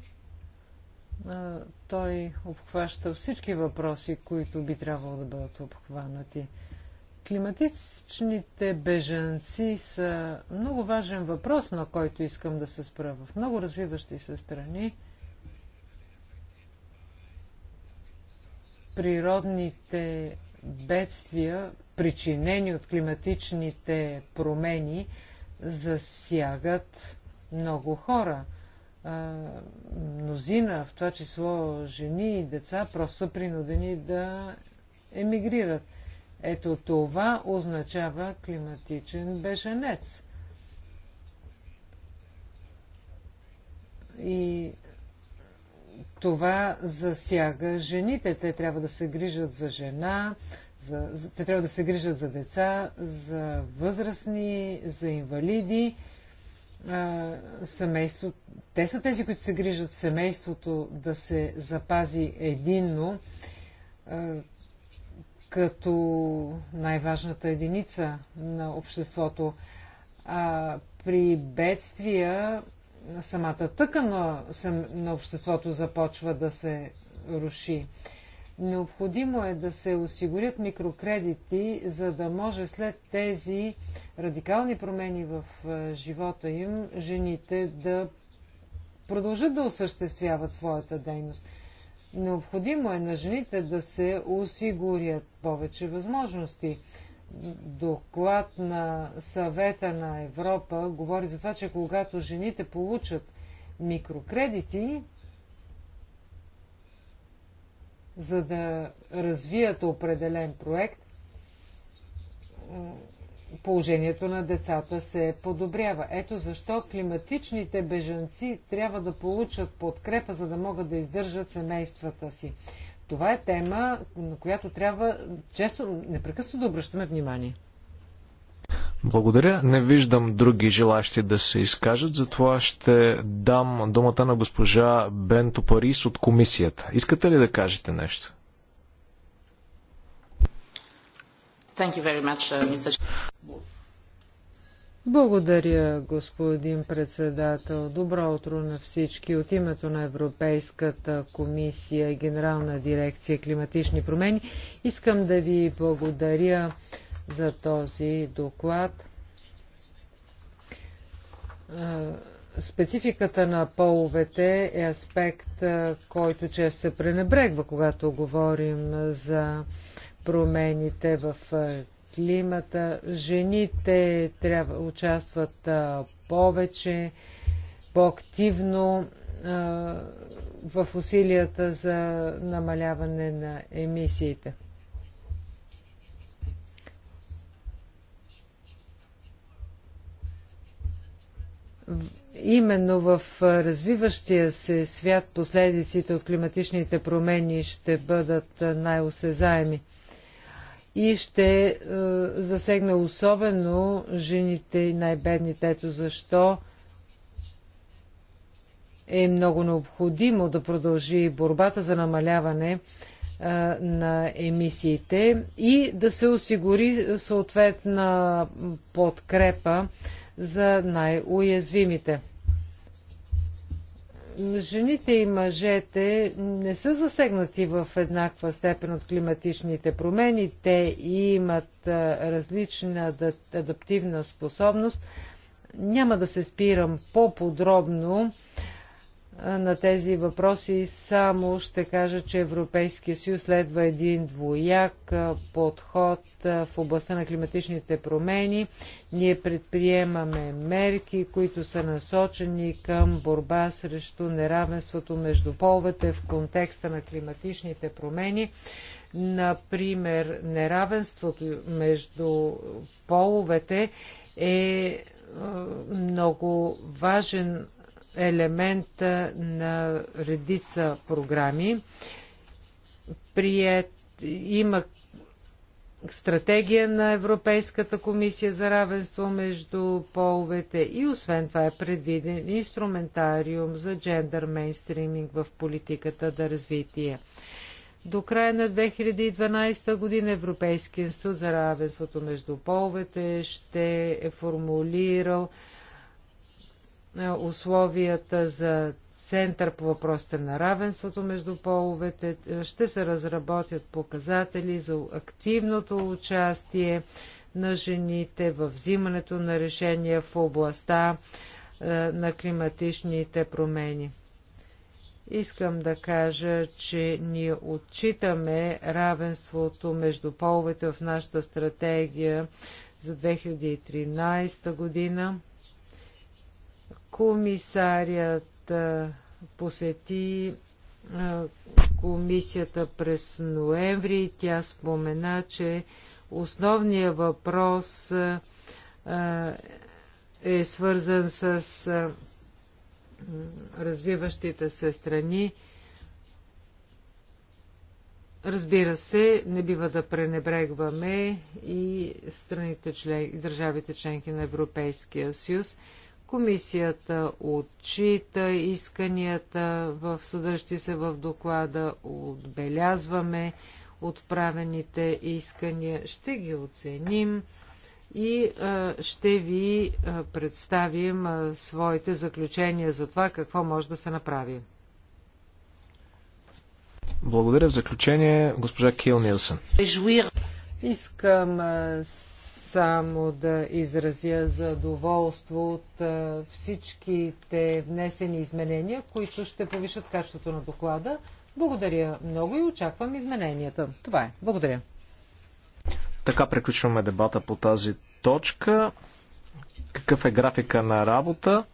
Той обхваща всички въпроси, които би трябвало да бъдат обхванати – Климатичните бежанци са много важен въпрос, на който искам да се спра в много развиващи се страни. Природните бедствия, причинени от климатичните промени, засягат много хора. Мнозина, в това число жени и деца, просто са принудени да емигрират – ето това означава климатичен беженец. И това засяга жените. Те трябва да се грижат за жена, за, те трябва да се грижат за деца, за възрастни, за инвалиди. А, семейство, те са тези, които се грижат семейството да се запази единно. А, като най-важната единица на обществото. А, при бедствия самата тъка на, на обществото започва да се руши. Необходимо е да се осигурят микрокредити, за да може след тези радикални промени в живота им жените да продължат да осъществяват своята дейност. Необходимо е на жените да се осигурят повече възможности. Доклад на съвета на Европа говори за това, че когато жените получат микрокредити, за да развият определен проект, положението на децата се подобрява. Ето защо климатичните бежанци трябва да получат подкрепа, за да могат да издържат семействата си. Това е тема, на която трябва често, непрекъснато да обръщаме внимание. Благодаря. Не виждам други желащи да се изкажат, затова ще дам думата на госпожа Бенто Парис от комисията. Искате ли да кажете нещо? Uh, благодаря, господин председател. Добро утро на всички. От името на Европейската комисия и Генерална дирекция климатични промени искам да ви благодаря за този доклад. Спецификата на половете е аспект, който често се пренебрегва, когато говорим за промените в климата. Жените трябва участват повече, по-активно в усилията за намаляване на емисиите. Именно в развиващия се свят последиците от климатичните промени ще бъдат най-осезаеми и ще е, засегне особено жените и най-бедните. Ето защо е много необходимо да продължи борбата за намаляване е, на емисиите и да се осигури съответна подкрепа за най-уязвимите жените и мъжете не са засегнати в еднаква степен от климатичните промени. Те имат различна адаптивна способност. Няма да се спирам по-подробно на тези въпроси, само ще кажа, че Европейския съюз следва един двояк подход в областта на климатичните промени. Ние предприемаме мерки, които са насочени към борба срещу неравенството между половете в контекста на климатичните промени. Например, неравенството между половете е много важен елемент на редица програми. Прият, има стратегия на Европейската комисия за равенство между половете и освен това е предвиден инструментариум за джендър мейнстриминг в политиката да развитие. До края на 2012 година Европейския институт за равенството между половете ще е формулирал е, условията за Център по въпросите на равенството между половете. Е, ще се разработят показатели за активното участие на жените в взимането на решения в областта е, на климатичните промени. Искам да кажа, че ние отчитаме равенството между половете в нашата стратегия за 2013 година. Комисарият посети комисията през ноември. Тя спомена, че основният въпрос е свързан с развиващите се страни. Разбира се, не бива да пренебрегваме и страните член, държавите членки на Европейския съюз. Комисията отчита исканията в съдържащи се в доклада, отбелязваме отправените искания, ще ги оценим и ще ви представим своите заключения за това какво може да се направи. Благодаря. В заключение госпожа Кил Нилсън. Искам само да изразя задоволство от всичките внесени изменения, които ще повишат качеството на доклада. Благодаря много и очаквам измененията. Това е. Благодаря. Така приключваме дебата по тази точка. Какъв е графика на работа?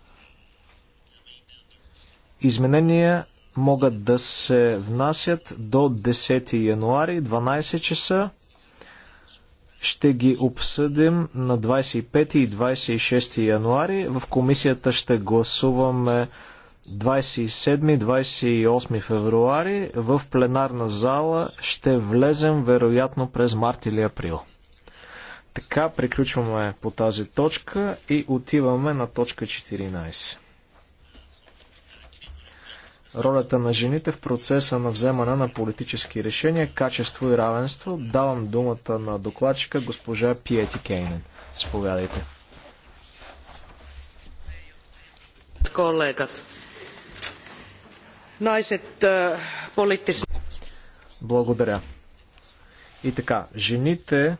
Изменения могат да се внасят до 10 януари, 12 часа. Ще ги обсъдим на 25 и 26 януари. В комисията ще гласуваме 27-28 февруари. В пленарна зала ще влезем вероятно през март или април. Така приключваме по тази точка и отиваме на точка 14 ролята на жените в процеса на вземане на политически решения, качество и равенство. Давам думата на докладчика госпожа Пиети Кейнен. Сповядайте. Колегат. Е, Благодаря. И така, жените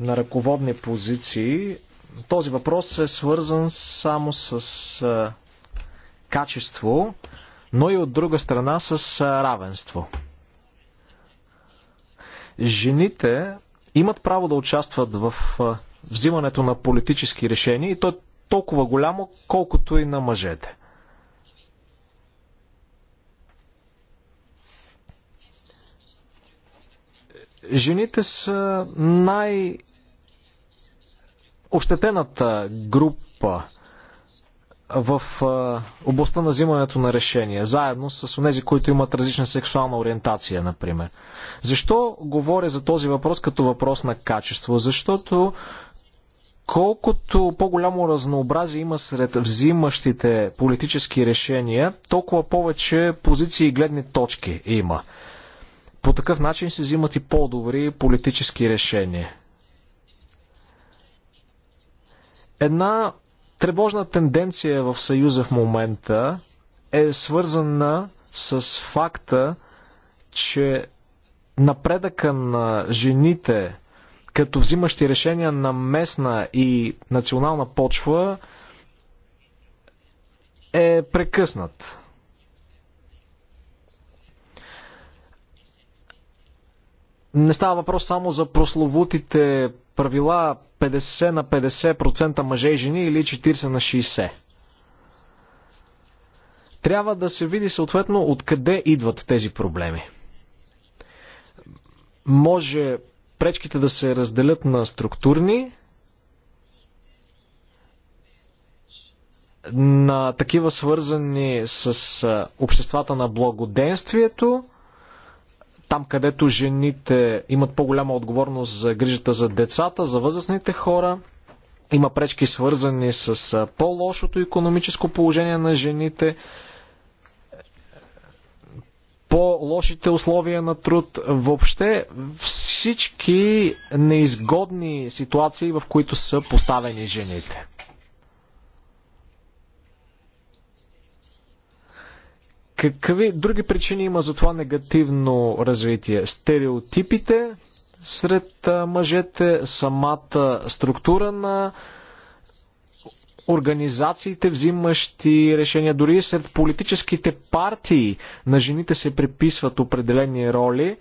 на ръководни позиции. Този въпрос е свързан само с е, качество, но и от друга страна с равенство. Жените имат право да участват в взимането на политически решения и то е толкова голямо, колкото и на мъжете. Жените са най- ощетената група в областта на взимането на решения, заедно с тези, които имат различна сексуална ориентация, например. Защо говоря за този въпрос като въпрос на качество? Защото колкото по-голямо разнообразие има сред взимащите политически решения, толкова повече позиции и гледни точки има. По такъв начин се взимат и по-добри политически решения. Една Тревожна тенденция в Съюза в момента е свързана с факта, че напредъка на жените като взимащи решения на местна и национална почва е прекъснат. Не става въпрос само за прословутите правила, 50 на 50% мъже и жени или 40 на 60. Трябва да се види съответно откъде идват тези проблеми. Може пречките да се разделят на структурни, на такива свързани с обществата на благоденствието там където жените имат по-голяма отговорност за грижата за децата, за възрастните хора. Има пречки свързани с по-лошото економическо положение на жените, по-лошите условия на труд. Въобще всички неизгодни ситуации, в които са поставени жените. Какви други причини има за това негативно развитие? Стереотипите сред мъжете, самата структура на организациите, взимащи решения, дори сред политическите партии на жените се приписват определени роли.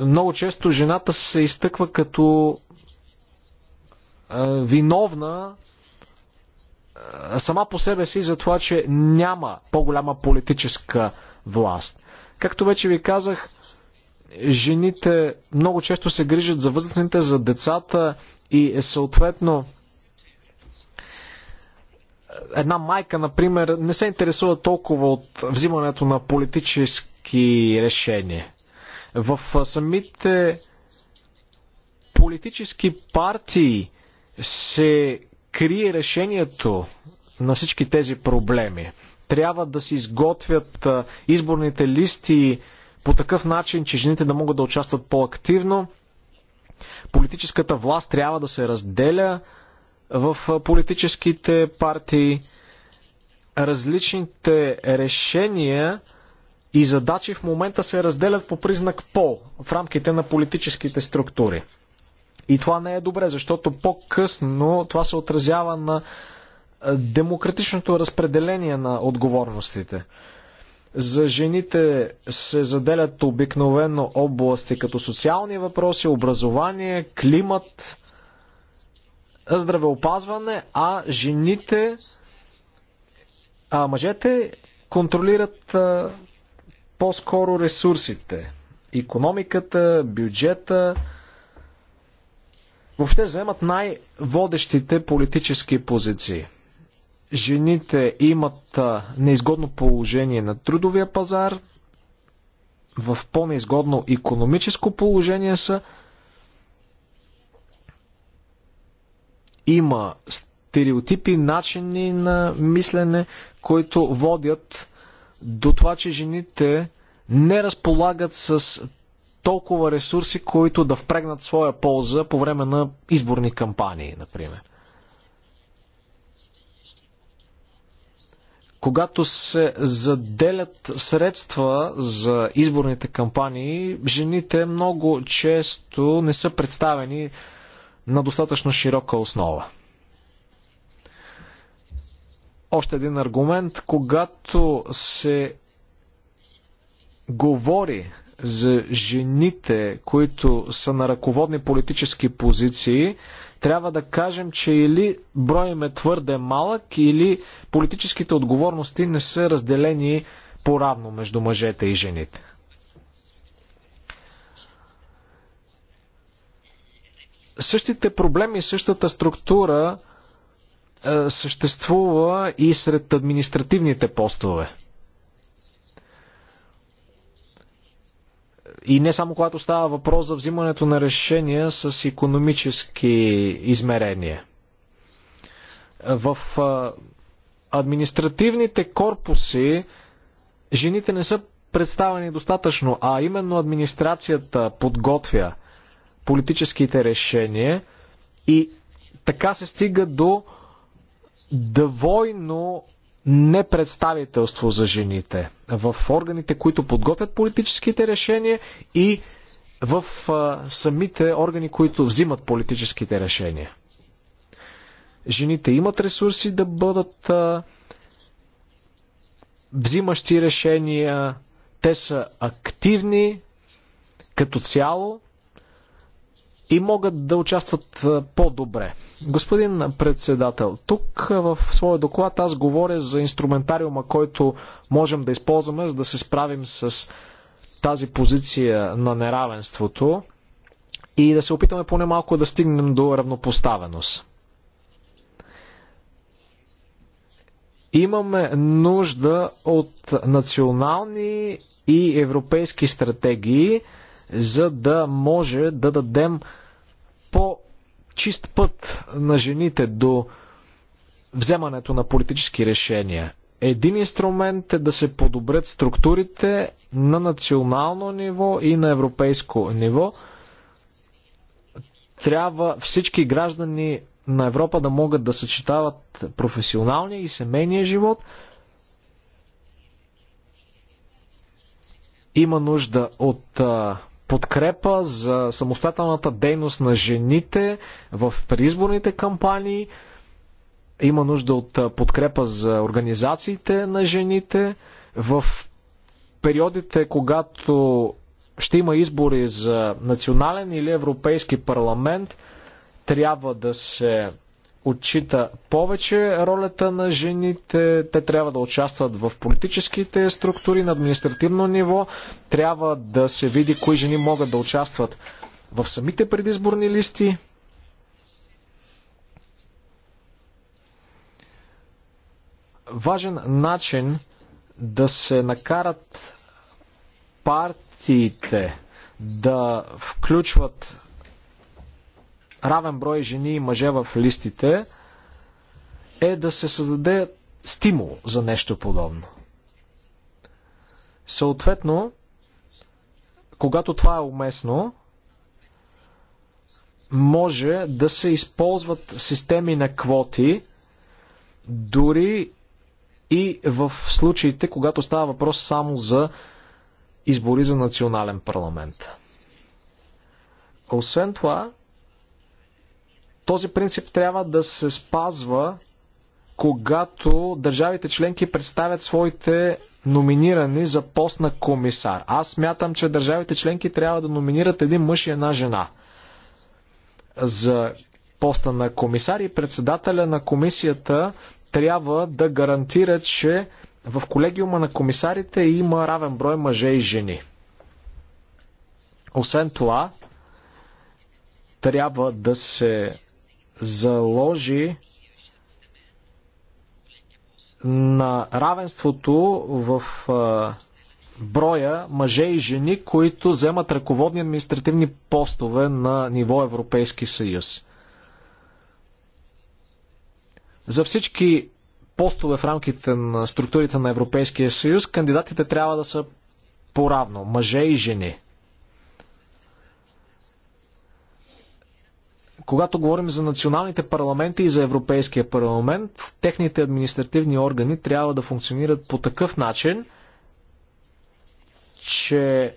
Много често жената се изтъква като виновна сама по себе си за това, че няма по-голяма политическа власт. Както вече ви казах, жените много често се грижат за възрастните, за децата и съответно една майка, например, не се интересува толкова от взимането на политически решения. В самите политически партии се крие решението на всички тези проблеми. Трябва да се изготвят изборните листи по такъв начин, че жените да могат да участват по-активно. Политическата власт трябва да се разделя в политическите партии. Различните решения и задачи в момента се разделят по признак пол в рамките на политическите структури. И това не е добре, защото по-късно това се отразява на демократичното разпределение на отговорностите. За жените се заделят обикновено области като социални въпроси, образование, климат, здравеопазване, а жените, а мъжете контролират по-скоро ресурсите, економиката, бюджета, въобще вземат най-водещите политически позиции. Жените имат неизгодно положение на трудовия пазар, в по-неизгодно економическо положение са. Има стереотипи, начини на мислене, които водят до това, че жените не разполагат с толкова ресурси, които да впрегнат своя полза по време на изборни кампании, например. Когато се заделят средства за изборните кампании, жените много често не са представени на достатъчно широка основа. Още един аргумент. Когато се говори за жените, които са на ръководни политически позиции, трябва да кажем, че или броем е твърде малък, или политическите отговорности не са разделени по-равно между мъжете и жените. Същите проблеми, същата структура е, съществува и сред административните постове. И не само когато става въпрос за взимането на решения с економически измерения. В административните корпуси жените не са представени достатъчно, а именно администрацията подготвя политическите решения и така се стига до двойно непредставителство за жените в органите, които подготвят политическите решения и в а, самите органи, които взимат политическите решения. Жените имат ресурси да бъдат а, взимащи решения, те са активни като цяло и могат да участват по-добре. Господин председател, тук в своя доклад аз говоря за инструментариума, който можем да използваме, за да се справим с тази позиция на неравенството и да се опитаме поне малко да стигнем до равнопоставеност. Имаме нужда от национални и европейски стратегии, за да може да дадем по-чист път на жените до вземането на политически решения. Един инструмент е да се подобрят структурите на национално ниво и на европейско ниво. Трябва всички граждани на Европа да могат да съчетават професионалния и семейния живот. Има нужда от а, подкрепа за самостоятелната дейност на жените в предизборните кампании. Има нужда от подкрепа за организациите на жените. В периодите, когато ще има избори за национален или европейски парламент, трябва да се отчита повече ролята на жените. Те трябва да участват в политическите структури на административно ниво. Трябва да се види кои жени могат да участват в самите предизборни листи. Важен начин да се накарат партиите да включват равен брой жени и мъже в листите, е да се създаде стимул за нещо подобно. Съответно, когато това е уместно, може да се използват системи на квоти, дори и в случаите, когато става въпрос само за избори за национален парламент. Освен това, този принцип трябва да се спазва, когато държавите членки представят своите номинирани за пост на комисар. Аз мятам, че държавите членки трябва да номинират един мъж и една жена за поста на комисар и председателя на комисията трябва да гарантира, че в колегиума на комисарите има равен брой мъже и жени. Освен това, трябва да се заложи на равенството в броя мъже и жени, които вземат ръководни административни постове на ниво Европейски съюз. За всички постове в рамките на структурите на Европейския съюз, кандидатите трябва да са поравно мъже и жени – когато говорим за националните парламенти и за Европейския парламент, техните административни органи трябва да функционират по такъв начин, че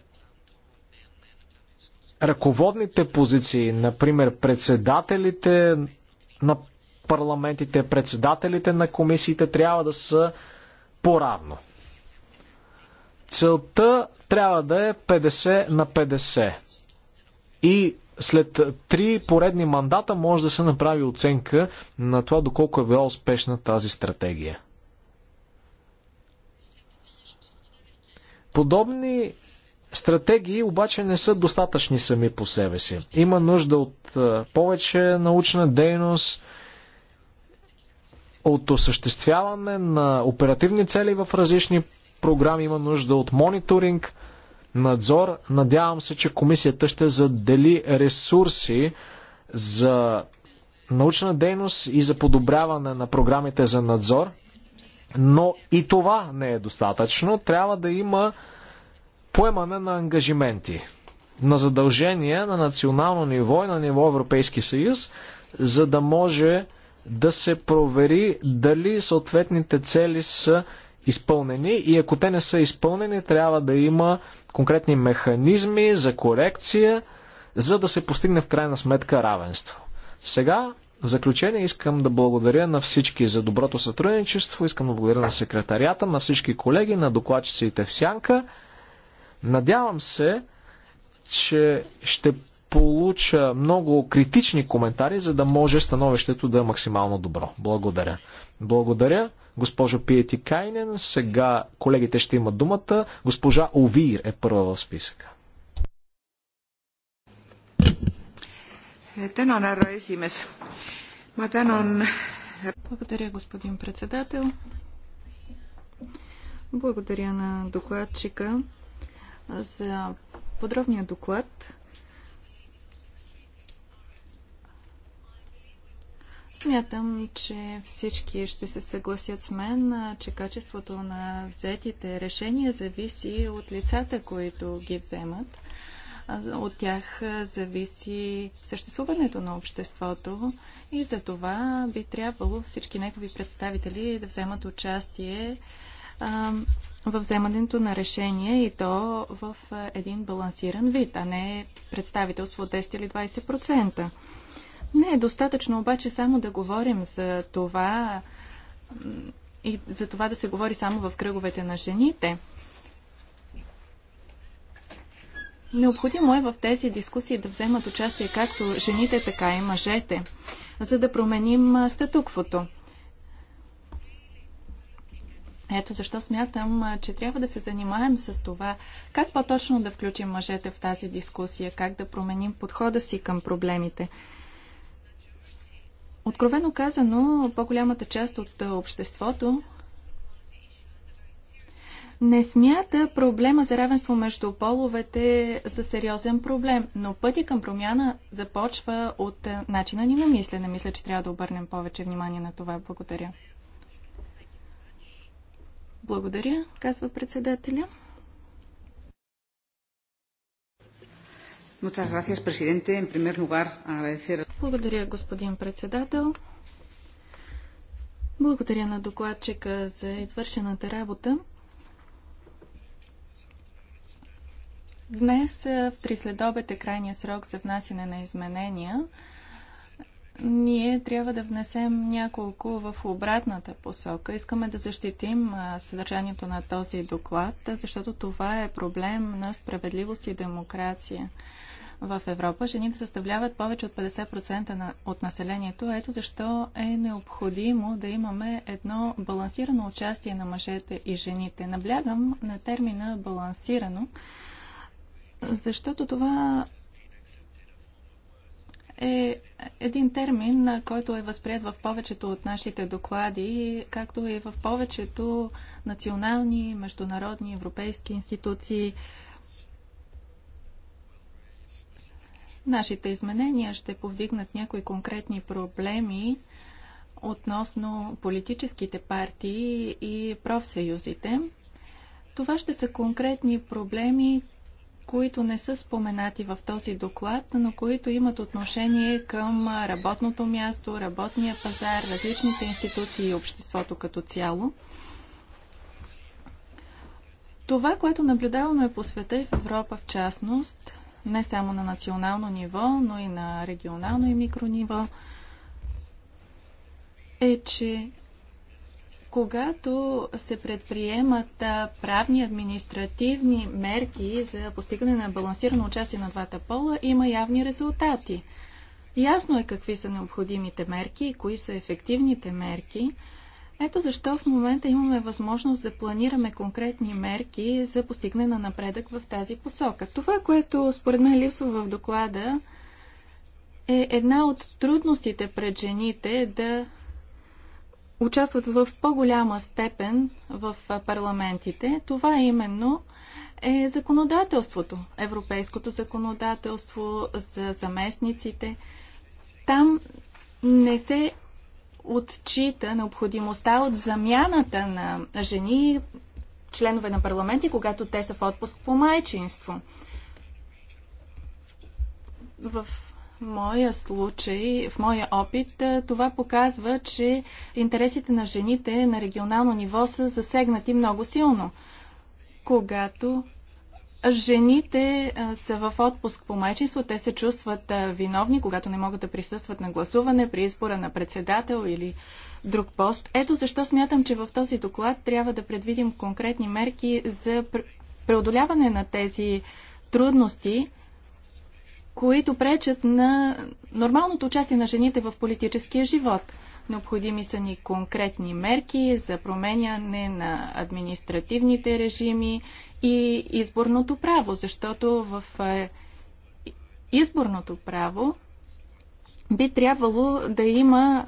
ръководните позиции, например председателите на парламентите, председателите на комисиите трябва да са по-равно. Целта трябва да е 50 на 50. И след три поредни мандата може да се направи оценка на това доколко е била успешна тази стратегия. Подобни стратегии обаче не са достатъчни сами по себе си. Има нужда от повече научна дейност, от осъществяване на оперативни цели в различни програми, има нужда от мониторинг – надзор. Надявам се, че комисията ще задели ресурси за научна дейност и за подобряване на програмите за надзор. Но и това не е достатъчно. Трябва да има поемане на ангажименти, на задължения на национално ниво и на ниво Европейски съюз, за да може да се провери дали съответните цели са изпълнени и ако те не са изпълнени, трябва да има конкретни механизми за корекция, за да се постигне в крайна сметка равенство. Сега, в заключение, искам да благодаря на всички за доброто сътрудничество, искам да благодаря на секретарията, на всички колеги, на докладчиците в Сянка. Надявам се, че ще получа много критични коментари, за да може становището да е максимално добро. Благодаря. Благодаря госпожо Пиети Кайнен. Сега колегите ще имат думата. Госпожа Овир е първа в списъка. Е, Благодаря, господин председател. Благодаря на докладчика за подробния доклад. Смятам, че всички ще се съгласят с мен, че качеството на взетите решения зависи от лицата, които ги вземат. От тях зависи съществуването на обществото и за това би трябвало всички негови представители да вземат участие във вземането на решение и то в един балансиран вид, а не представителство от 10 или 20%. Не е достатъчно обаче само да говорим за това и за това да се говори само в кръговете на жените. Необходимо е в тези дискусии да вземат участие както жените, така и мъжете, за да променим статуквото. Ето защо смятам, че трябва да се занимаем с това, как по-точно да включим мъжете в тази дискусия, как да променим подхода си към проблемите. Откровено казано, по-голямата част от обществото не смята проблема за равенство между половете за сериозен проблем, но пътя към промяна започва от начина ни на мислене. Мисля, че трябва да обърнем повече внимание на това. Благодаря. Благодаря, казва председателя. Благодаря, господин председател. Благодаря на докладчика за извършената работа. Днес в три следобед е крайния срок за внасяне на изменения – ние трябва да внесем няколко в обратната посока. Искаме да защитим съдържанието на този доклад, защото това е проблем на справедливост и демокрация. В Европа жените съставляват повече от 50% от населението. Ето защо е необходимо да имаме едно балансирано участие на мъжете и жените. Наблягам на термина балансирано, защото това е един термин, който е възприят в повечето от нашите доклади, както и в повечето национални, международни, европейски институции. Нашите изменения ще повдигнат някои конкретни проблеми относно политическите партии и профсъюзите. Това ще са конкретни проблеми, които не са споменати в този доклад, но които имат отношение към работното място, работния пазар, различните институции и обществото като цяло. Това, което наблюдаваме по света и в Европа в частност, не само на национално ниво, но и на регионално и микрониво, е, че когато се предприемат правни административни мерки за постигане на балансирано участие на двата пола, има явни резултати. Ясно е какви са необходимите мерки и кои са ефективните мерки. Ето защо в момента имаме възможност да планираме конкретни мерки за постигане на напредък в тази посока. Това, което според мен липсва в доклада, е една от трудностите пред жените да участват в по-голяма степен в парламентите. Това именно е законодателството, европейското законодателство за заместниците. Там не се отчита необходимостта от замяната на жени, членове на парламенти, когато те са в отпуск по майчинство. В моя случай, в моя опит, е, това показва, че интересите на жените на регионално ниво са засегнати много силно. Когато жените е, са в отпуск по майчинство, те се чувстват е, виновни, когато не могат да присъстват на гласуване при избора на председател или друг пост. Ето защо смятам, че в този доклад трябва да предвидим конкретни мерки за преодоляване на тези трудности които пречат на нормалното участие на жените в политическия живот. Необходими са ни конкретни мерки за променяне на административните режими и изборното право, защото в е, изборното право би трябвало да има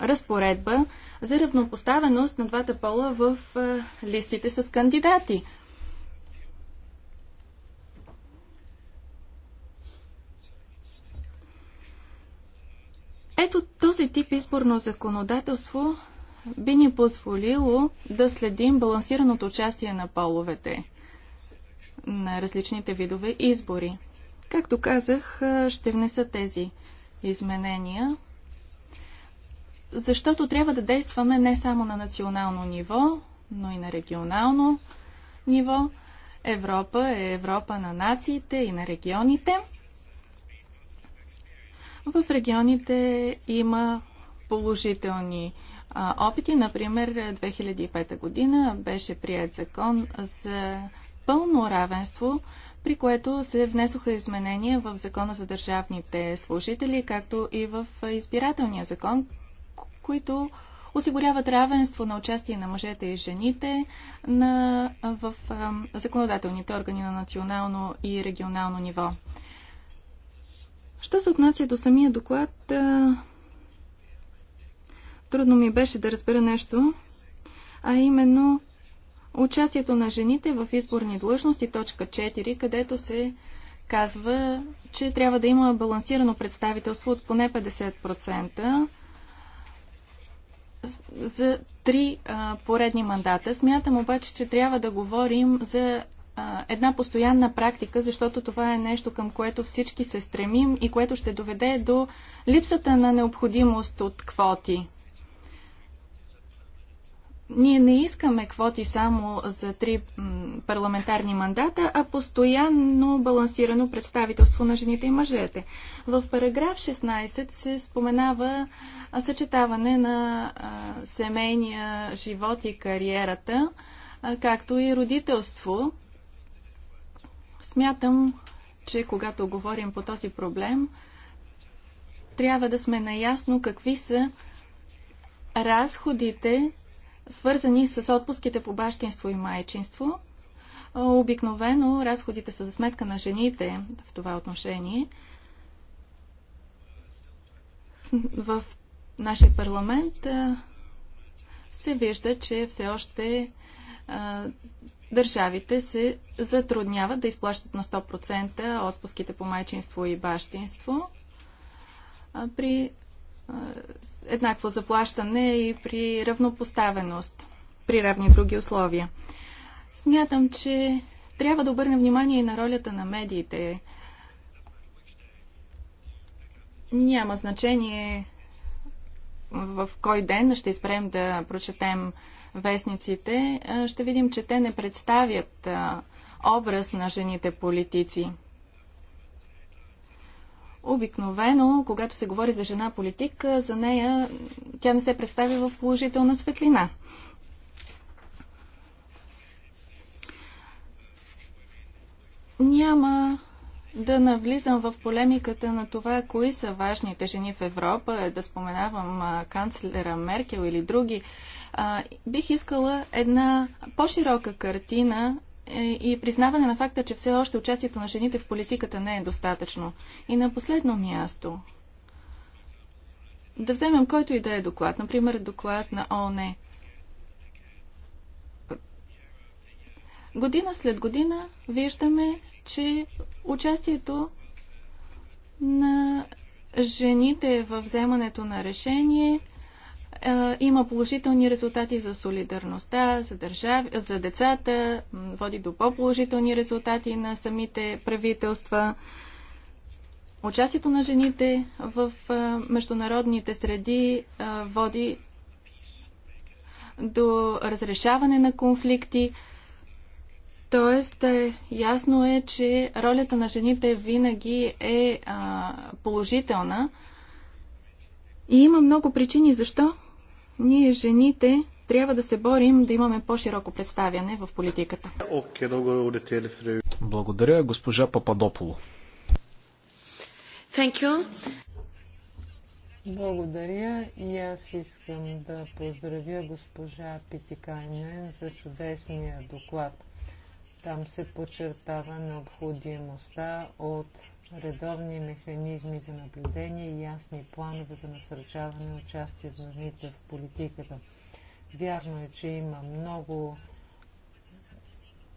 разпоредба за равнопоставеност на двата пола в е, листите с кандидати. Ето този тип изборно законодателство би ни позволило да следим балансираното участие на половете на различните видове избори. Както казах, ще внеса тези изменения, защото трябва да действаме не само на национално ниво, но и на регионално ниво. Европа е Европа на нациите и на регионите – в регионите има положителни опити. Например, 2005 година беше прият закон за пълно равенство, при което се внесоха изменения в закона за държавните служители, както и в избирателния закон, които осигуряват равенство на участие на мъжете и жените на, в а, законодателните органи на национално и регионално ниво. Що се отнася до самия доклад, трудно ми беше да разбера нещо, а именно участието на жените в изборни длъжности, точка 4, където се казва, че трябва да има балансирано представителство от поне 50% за три а, поредни мандата. Смятам обаче, че трябва да говорим за една постоянна практика, защото това е нещо към което всички се стремим и което ще доведе до липсата на необходимост от квоти. Ние не искаме квоти само за три парламентарни мандата, а постоянно балансирано представителство на жените и мъжете. В параграф 16 се споменава съчетаване на семейния живот и кариерата, както и родителство – Смятам, че когато говорим по този проблем, трябва да сме наясно какви са разходите, свързани с отпуските по бащинство и майчинство. Обикновено разходите са за сметка на жените в това отношение. В нашия парламент се вижда, че все още държавите се затрудняват да изплащат на 100% отпуските по майчинство и бащинство при еднакво заплащане и при равнопоставеност, при равни други условия. Смятам, че трябва да обърнем внимание и на ролята на медиите. Няма значение в кой ден ще спрем да прочетем вестниците. Ще видим, че те не представят образ на жените политици. Обикновено, когато се говори за жена политик, за нея тя не се представи в положителна светлина. Няма да навлизам в полемиката на това, кои са важните жени в Европа, да споменавам канцлера Меркел или други. бих искала една по-широка картина е, и признаване на факта, че все още участието на жените в политиката не е достатъчно. И на последно място, да вземем който и да е доклад, например доклад на ООН. Година след година виждаме, че участието на жените в вземането на решение е, има положителни резултати за солидарността, за, държав... за децата, води до по-положителни резултати на самите правителства. Участието на жените в е, международните среди е, води до разрешаване на конфликти. Тоест, ясно е, че ролята на жените винаги е положителна. И има много причини защо ние, жените, трябва да се борим да имаме по-широко представяне в политиката. Е Благодаря, госпожа Пападополо. Thank you. Благодаря и аз искам да поздравя госпожа Питиканя за чудесния доклад. Там се подчертава необходимостта от редовни механизми за наблюдение и ясни планове за насърчаване на участието на жените в политиката. Вярно е, че има много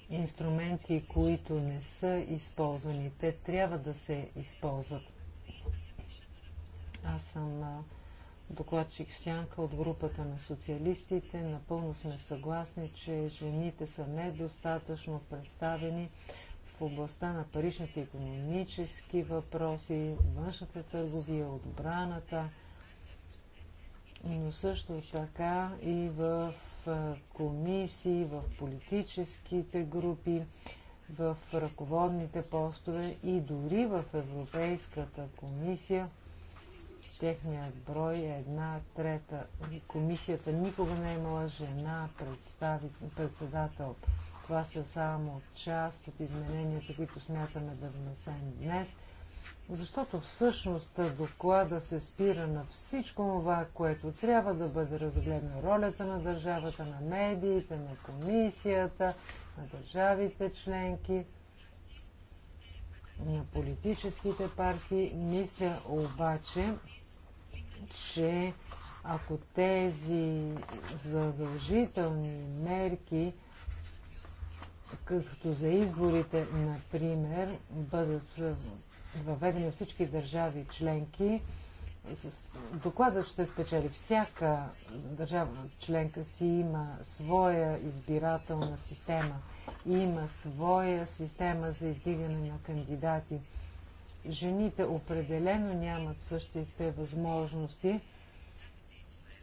инструменти, които не са използвани. Те трябва да се използват. Аз съм докладчик Сянка от групата на социалистите. Напълно сме съгласни, че жените са недостатъчно представени в областта на паричните економически въпроси, външната търговия, отбраната, но също така и в комисии, в политическите групи, в ръководните постове и дори в Европейската комисия. Техният брой е една трета. Комисията никога не е имала жена председател. Това са само част от измененията, които смятаме да внесем днес, защото всъщност доклада се спира на всичко това, което трябва да бъде разгледна Ролята на държавата, на медиите, на комисията, на държавите членки на политическите партии. Мисля обаче, че ако тези задължителни мерки като за изборите, например, бъдат въведени всички държави членки, докладът ще спечели. Всяка държава членка си има своя избирателна система, има своя система за издигане на кандидати. Жените определено нямат същите възможности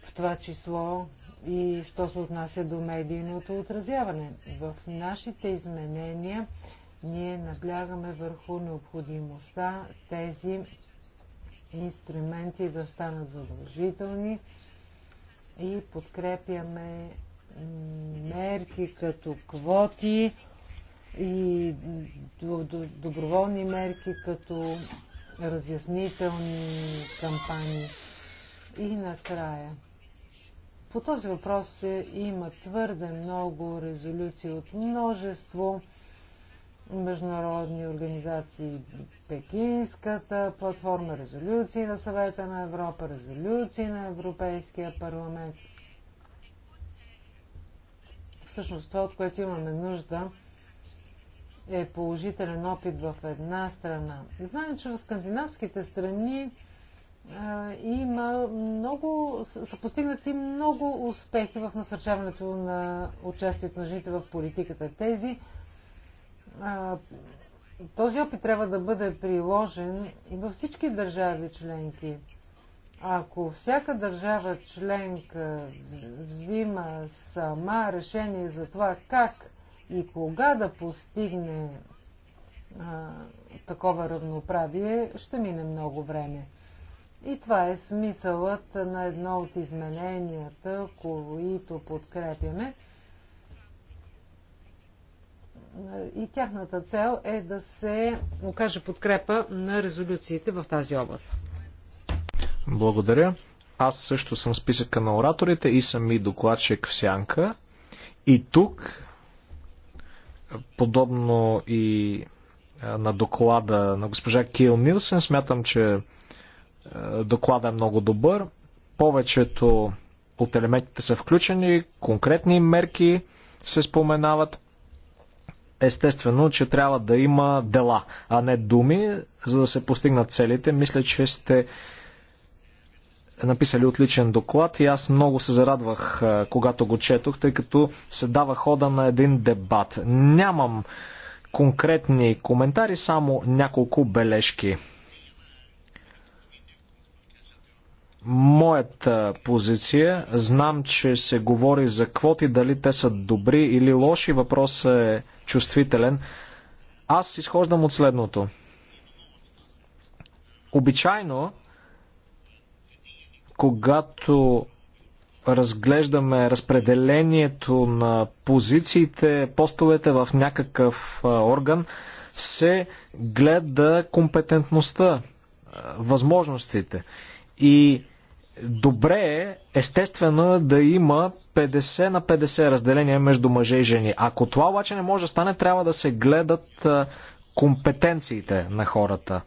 в това число и що се отнася до медийното отразяване. В нашите изменения ние наблягаме върху необходимостта тези инструменти да станат задължителни и подкрепяме мерки като квоти и доброволни мерки като разяснителни кампании. И накрая. По този въпрос има твърде много резолюции от множество международни организации, Пекинската платформа, резолюции на съвета на Европа, резолюции на Европейския парламент. Всъщност това, от което имаме нужда, е положителен опит в една страна. Знаем, че в скандинавските страни има много, са постигнати много успехи в насърчаването на участието на жените в политиката. Тези, този опит трябва да бъде приложен и във всички държави членки. Ако всяка държава членка взима сама решение за това как и кога да постигне а, такова равноправие, ще мине много време. И това е смисълът на едно от измененията, които подкрепяме. И тяхната цел е да се окаже подкрепа на резолюциите в тази област. Благодаря. Аз също съм списъка на ораторите и съм и докладчик в Сянка. И тук, подобно и на доклада на госпожа Кил Нилсен, смятам, че е, Докладът е много добър. Повечето от елементите са включени, конкретни мерки се споменават. Естествено, че трябва да има дела, а не думи, за да се постигнат целите. Мисля, че сте написали отличен доклад и аз много се зарадвах, е, когато го четох, тъй като се дава хода на един дебат. Нямам конкретни коментари, само няколко бележки моята позиция. Знам, че се говори за квоти, дали те са добри или лоши. Въпросът е чувствителен. Аз изхождам от следното. Обичайно, когато разглеждаме разпределението на позициите, постовете в някакъв орган, се гледа компетентността, възможностите. И добре е, естествено, е да има 50 на 50 разделение между мъже и жени. Ако това обаче не може да стане, трябва да се гледат компетенциите на хората.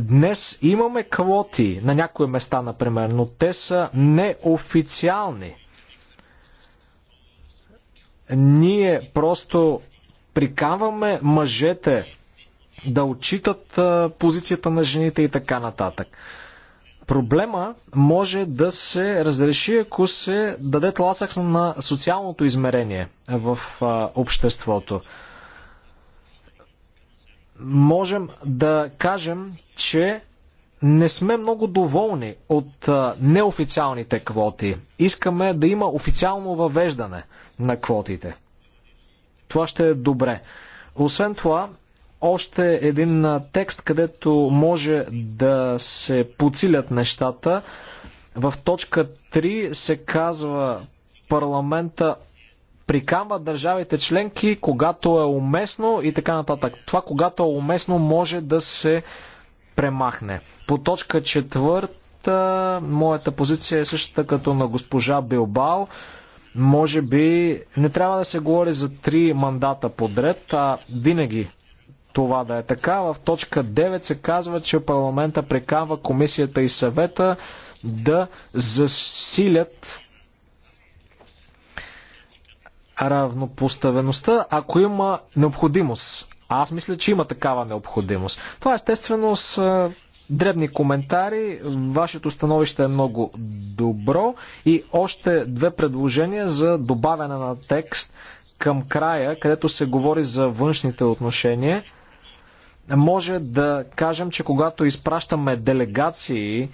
Днес имаме квоти на някои места, например, но те са неофициални. Ние просто приканваме мъжете да отчитат позицията на жените и така нататък. Проблема може да се разреши, ако се даде тласък на социалното измерение в обществото. Можем да кажем, че не сме много доволни от неофициалните квоти. Искаме да има официално въвеждане на квотите. Това ще е добре. Освен това, още един текст, където може да се подсилят нещата. В точка 3 се казва парламента прикамва държавите членки, когато е уместно и така нататък. Това, когато е уместно, може да се премахне. По точка четвърта, моята позиция е същата като на госпожа Билбао. Може би не трябва да се говори за три мандата подред, а винаги това да е така. В точка 9 се казва, че парламента приканва комисията и съвета да засилят равнопоставеността, ако има необходимост. А аз мисля, че има такава необходимост. Това естествено с дребни коментари. Вашето становище е много добро и още две предложения за добавяне на текст към края, където се говори за външните отношения – може да кажем, че когато изпращаме делегации,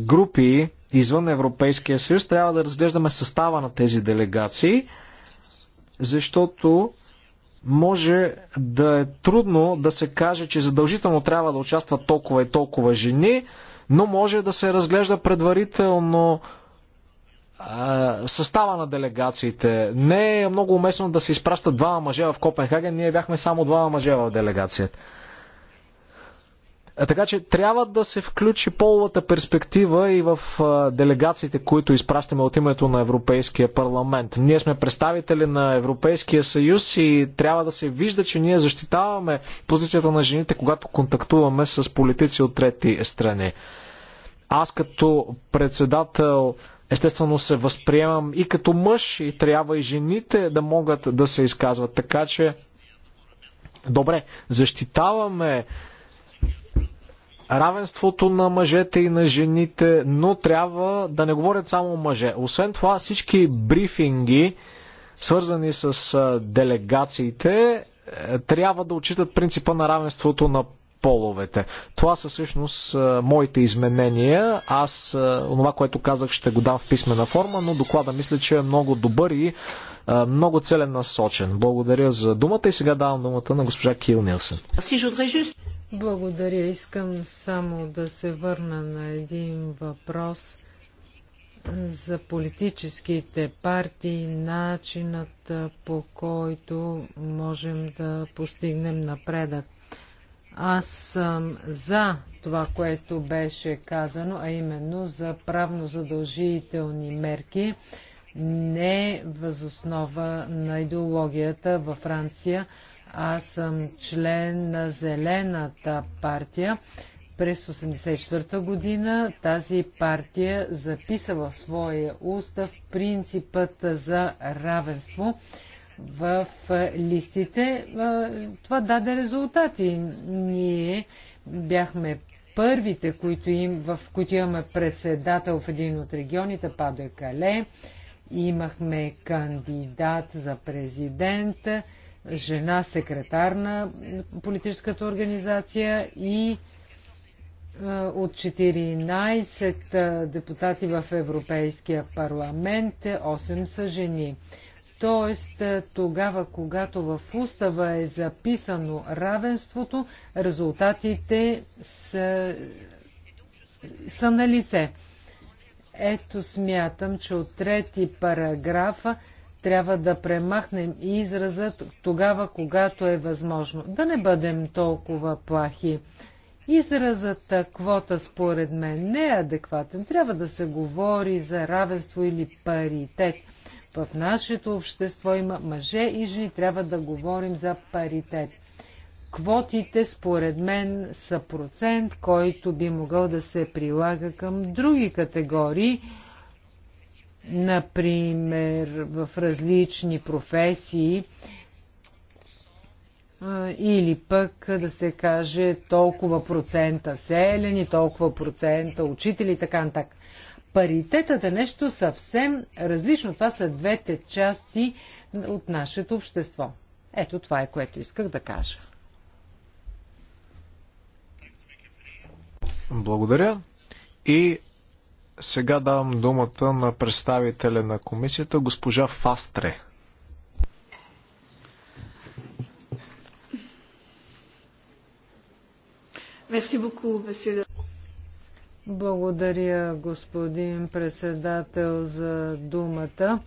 групи извън Европейския съюз, трябва да разглеждаме състава на тези делегации, защото може да е трудно да се каже, че задължително трябва да участват толкова и толкова жени, но може да се разглежда предварително състава на делегациите. Не е много уместно да се изпращат двама мъже в Копенхаген, ние бяхме само двама мъже в делегацията. Е, така че трябва да се включи половата перспектива и в делегациите, които изпращаме от името на Европейския парламент. Ние сме представители на Европейския съюз и трябва да се вижда, че ние защитаваме позицията на жените, когато контактуваме с политици от трети страни. Аз като председател естествено се възприемам и като мъж и трябва и жените да могат да се изказват. Така че, добре, защитаваме равенството на мъжете и на жените, но трябва да не говорят само мъже. Освен това, всички брифинги, свързани с делегациите, е, трябва да отчитат принципа на равенството на половете. Това са всъщност моите изменения. Аз това, което казах, ще го дам в писмена форма, но доклада мисля, че е много добър и много целенасочен. Благодаря за думата и сега давам думата на госпожа Кил Нилсен. Благодаря. Искам само да се върна на един въпрос за политическите партии, начинът по който можем да постигнем напредък. Аз съм за това, което беше казано, а именно за правно задължителни мерки, не възоснова на идеологията във Франция аз съм член на Зелената партия. През 1984 година тази партия записа в своя устав принципът за равенство в листите. Това даде резултати. Ние бяхме първите, които им, в които имаме председател в един от регионите, Падо Кале. Имахме кандидат за президент жена секретар на политическата организация и от 14 депутати в Европейския парламент, 8 са жени. Тоест, тогава, когато в устава е записано равенството, резултатите са, са на лице. Ето смятам, че от трети параграфа трябва да премахнем изразът тогава, когато е възможно. Да не бъдем толкова плахи. Изразът квота според мен не е адекватен. Трябва да се говори за равенство или паритет. В нашето общество има мъже и жени, трябва да говорим за паритет. Квотите, според мен, са процент, който би могъл да се прилага към други категории например, в различни професии, или пък да се каже толкова процента селени, толкова процента учители и така нататък. Паритетът е нещо съвсем различно. Това са двете части от нашето общество. Ето това е което исках да кажа. Благодаря. И сега давам думата на представителя на комисията, госпожа Фастре. Благодаря, господин председател, за думата.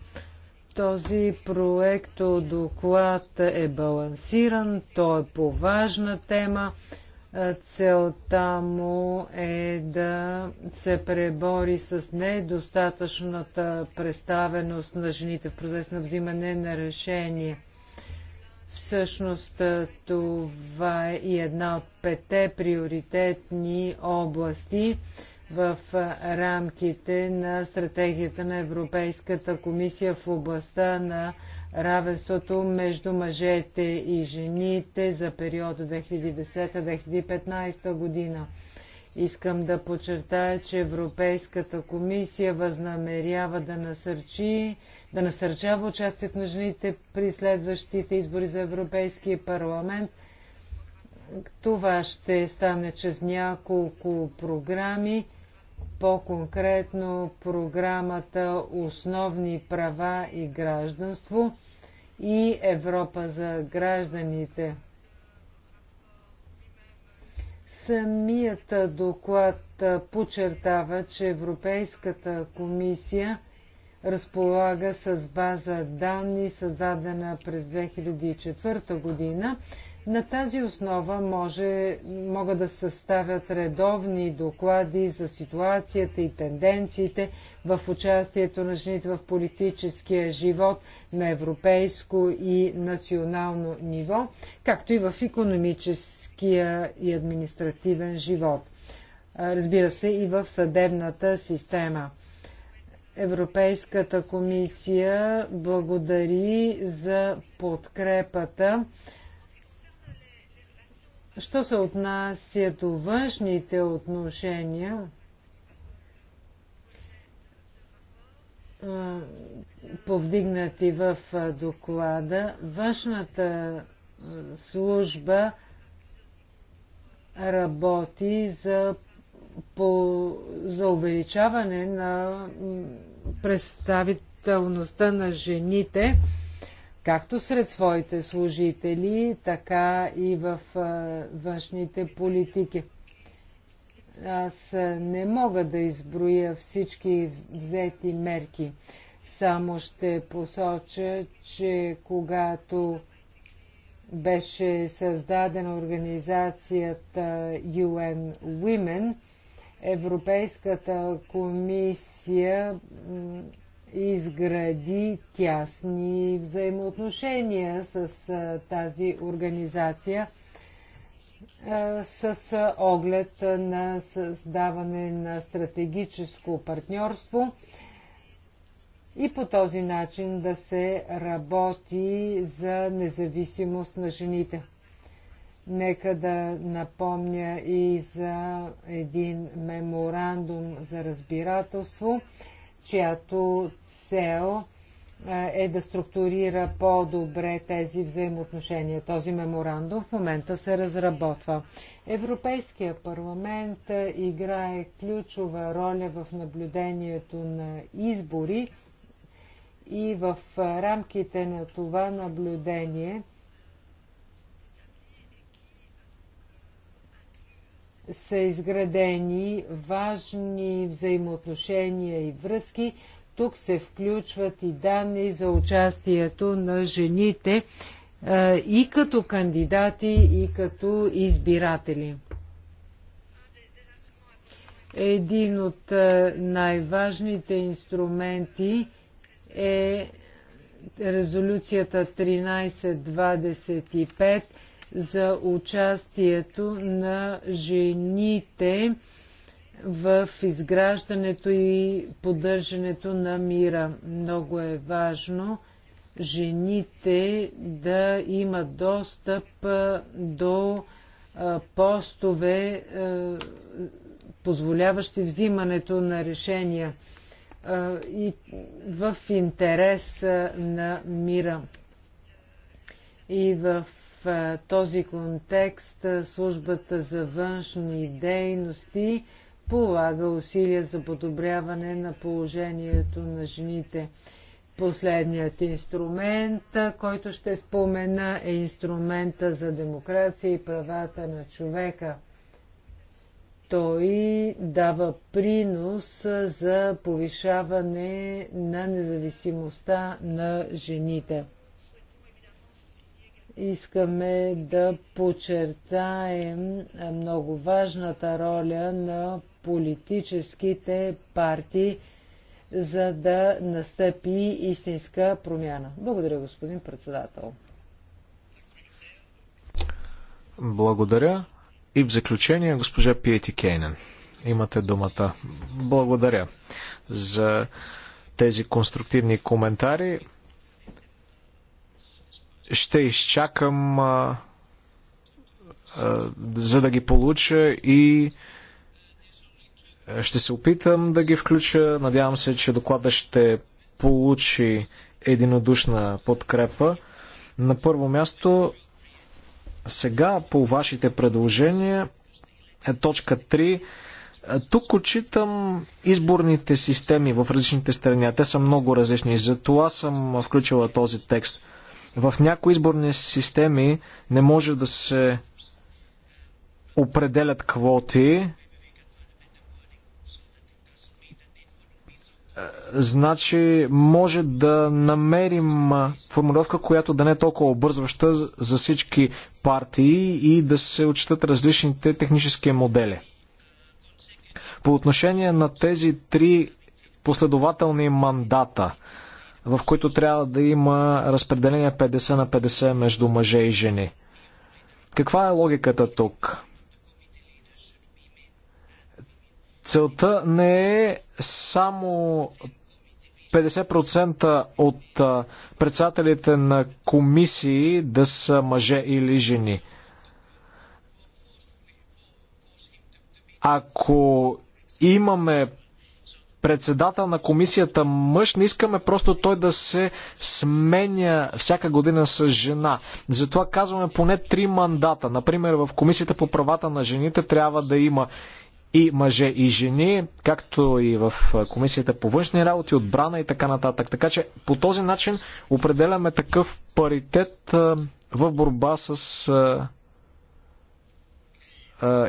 Този проект доклад е балансиран, той е по важна тема. Е, целта му е да се пребори с недостатъчната представеност на жените в процес на взимане на решение. Всъщност е, това е и една от пете приоритетни области в е, рамките на стратегията на Европейската комисия в областта на равенството между мъжете и жените за периода 2010-2015 година. Искам да подчертая, че Европейската комисия възнамерява да насърчи, да насърчава участието на жените при следващите избори за Европейския парламент. Това ще стане чрез няколко програми по-конкретно програмата Основни права и гражданство и Европа за гражданите. Самият доклад подчертава, че Европейската комисия разполага с база данни, създадена през 2004 година на тази основа може, могат да съставят редовни доклади за ситуацията и тенденциите в участието на жените в политическия живот на европейско и национално ниво, както и в економическия и административен живот. Разбира се, и в съдебната система. Европейската комисия благодари за подкрепата Що се отнася до външните отношения, повдигнати в доклада, външната служба работи за, по, за увеличаване на представителността на жените както сред своите служители, така и в външните политики. Аз не мога да изброя всички взети мерки. Само ще посоча, че когато беше създадена организацията UN Women, Европейската комисия изгради тясни взаимоотношения с тази организация с оглед на създаване на стратегическо партньорство и по този начин да се работи за независимост на жените. Нека да напомня и за един меморандум за разбирателство, чиято цел е да структурира по-добре тези взаимоотношения. Този меморандум в момента се разработва. Европейския парламент играе ключова роля в наблюдението на избори и в рамките на това наблюдение – са изградени важни взаимоотношения и връзки. Тук се включват и данни за участието на жените е, и като кандидати, и като избиратели. Един от е, най-важните инструменти е резолюцията 1325 за участието на жените в изграждането и поддържането на мира. Много е важно жените да имат достъп до постове, позволяващи взимането на решения и в интерес на мира. И в този контекст службата за външни дейности полага усилия за подобряване на положението на жените. Последният инструмент, който ще спомена, е инструмента за демокрация и правата на човека. Той дава принос за повишаване на независимостта на жените. Искаме да подчертаем много важната роля на политическите партии, за да настъпи истинска промяна. Благодаря, господин председател. Благодаря. И в заключение, госпожа Пиети Кейнен. Имате думата. Благодаря за тези конструктивни коментари. Ще изчакам, а, а, за да ги получа и ще се опитам да ги включа. Надявам се, че доклада ще получи единодушна подкрепа. На първо място, сега по вашите предложения е точка 3. Тук отчитам изборните системи в различните страни. Те са много различни. Затова съм включила този текст. В някои изборни системи не може да се определят квоти. Е, значи може да намерим формулировка, която да не е толкова обързваща за всички партии и да се отчитат различните технически модели. По отношение на тези три последователни мандата – в които трябва да има разпределение 50 на 50 между мъже и жени. Каква е логиката тук? Целта не е само 50% от председателите на комисии да са мъже или жени. Ако имаме председател на комисията мъж, не искаме просто той да се сменя всяка година с жена. Затова казваме поне три мандата. Например, в комисията по правата на жените трябва да има и мъже и жени, както и в комисията по външни работи, отбрана и така нататък. Така че по този начин определяме такъв паритет в борба с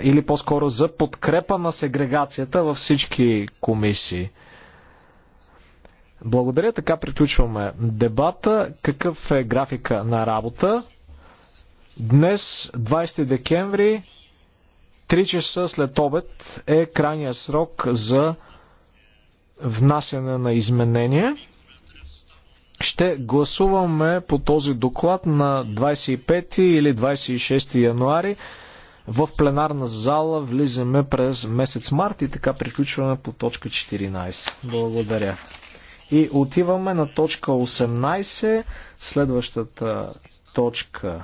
или по-скоро за подкрепа на сегрегацията във всички комисии. Благодаря, така приключваме дебата. Какъв е графика на работа? Днес, 20 декември, 3 часа след обед е крайния срок за внасяне на изменения. Ще гласуваме по този доклад на 25 или 26 януари в пленарна зала влизаме през месец март и така приключваме по точка 14. Благодаря. И отиваме на точка 18, следващата точка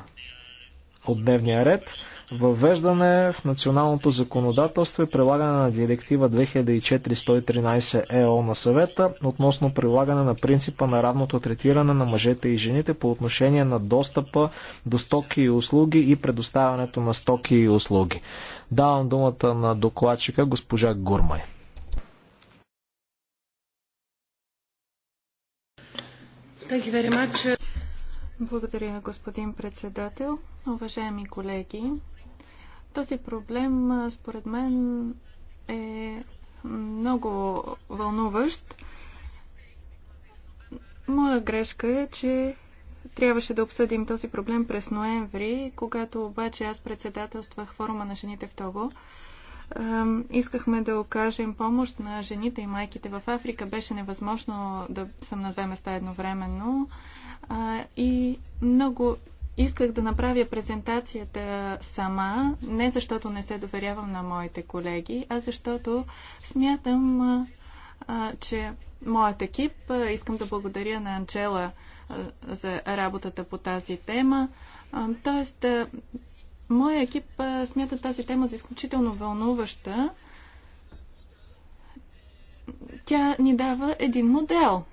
от дневния ред въвеждане в националното законодателство и прилагане на директива 2413 ЕО на съвета относно прилагане на принципа на равното третиране на мъжете и жените по отношение на достъпа до стоки и услуги и предоставянето на стоки и услуги. Давам думата на докладчика госпожа Гурмай. Благодаря, господин председател. Уважаеми колеги, този проблем, според мен, е много вълнуващ. Моя грешка е, че трябваше да обсъдим този проблем през ноември, когато обаче аз председателствах форума на жените в Того. Искахме да окажем помощ на жените и майките в Африка. Беше невъзможно да съм на две места едновременно. И много Исках да направя презентацията сама, не защото не се доверявам на моите колеги, а защото смятам, че моят екип, искам да благодаря на Анчела за работата по тази тема. тоест, моя екип смята тази тема за изключително вълнуваща. Тя ни дава един модел –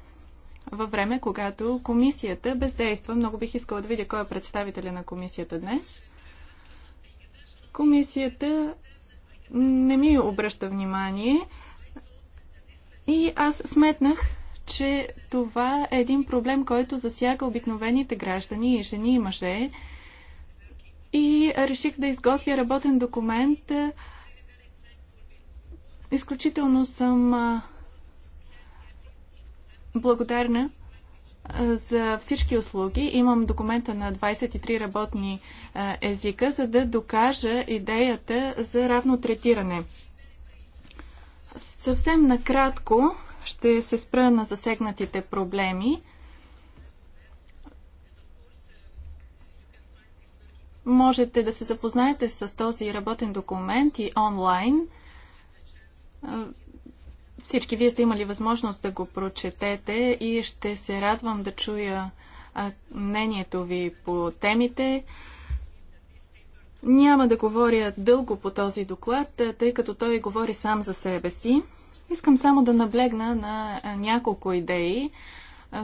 във време, когато комисията бездейства. Много бих искала да видя кой е представителя на комисията днес. Комисията не ми обръща внимание и аз сметнах, че това е един проблем, който засяга обикновените граждани и жени и мъже. И реших да изготвя работен документ. Изключително съм благодарна за всички услуги. Имам документа на 23 работни езика, за да докажа идеята за равно третиране. Съвсем накратко ще се спра на засегнатите проблеми. Можете да се запознаете с този работен документ и онлайн. Всички вие сте имали възможност да го прочетете и ще се радвам да чуя мнението ви по темите. Няма да говоря дълго по този доклад, тъй като той говори сам за себе си. Искам само да наблегна на няколко идеи,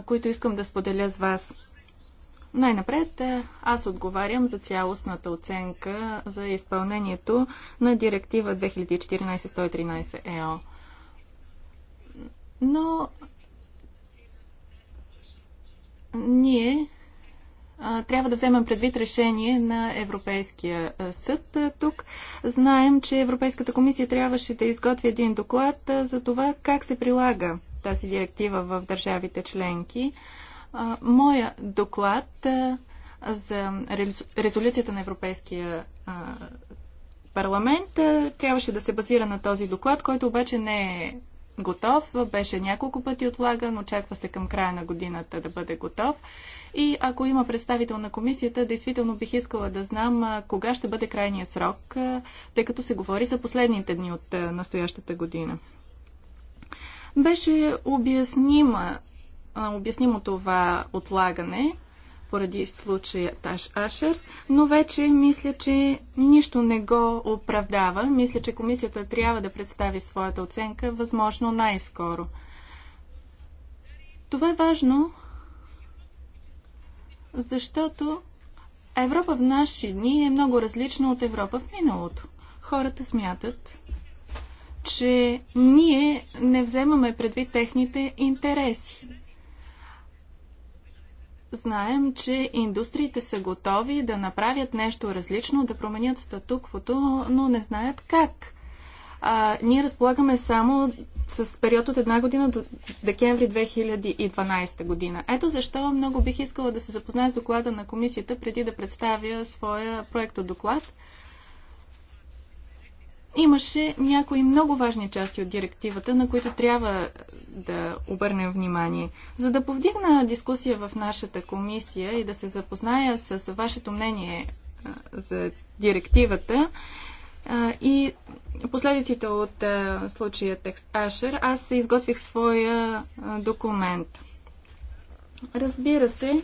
които искам да споделя с вас. Най-напред аз отговарям за цялостната оценка за изпълнението на директива 2014-113 ЕО. Но ние трябва да вземем предвид решение на Европейския съд. Тук знаем, че Европейската комисия трябваше да изготви един доклад за това как се прилага тази директива в държавите членки. Моя доклад за резолюцията на Европейския парламент трябваше да се базира на този доклад, който обаче не е готов. Беше няколко пъти отлаган, очаква се към края на годината да бъде готов. И ако има представител на комисията, действително бих искала да знам кога ще бъде крайния срок, тъй като се говори за последните дни от настоящата година. Беше обяснима, обяснимо това отлагане поради случая Таш Ашер, но вече мисля, че нищо не го оправдава. Мисля, че комисията трябва да представи своята оценка възможно най-скоро. Това е важно, защото Европа в наши дни е много различна от Европа в миналото. Хората смятат, че ние не вземаме предвид техните интереси знаем, че индустриите са готови да направят нещо различно, да променят статуквото, но не знаят как. А, ние разполагаме само с период от една година до декември 2012 година. Ето защо много бих искала да се запозная с доклада на комисията преди да представя своя проект от доклад Имаше някои много важни части от директивата, на които трябва да обърнем внимание. За да повдигна дискусия в нашата комисия и да се запозная с вашето мнение за директивата и последиците от случая текст Ашер, аз изготвих своя документ. Разбира се,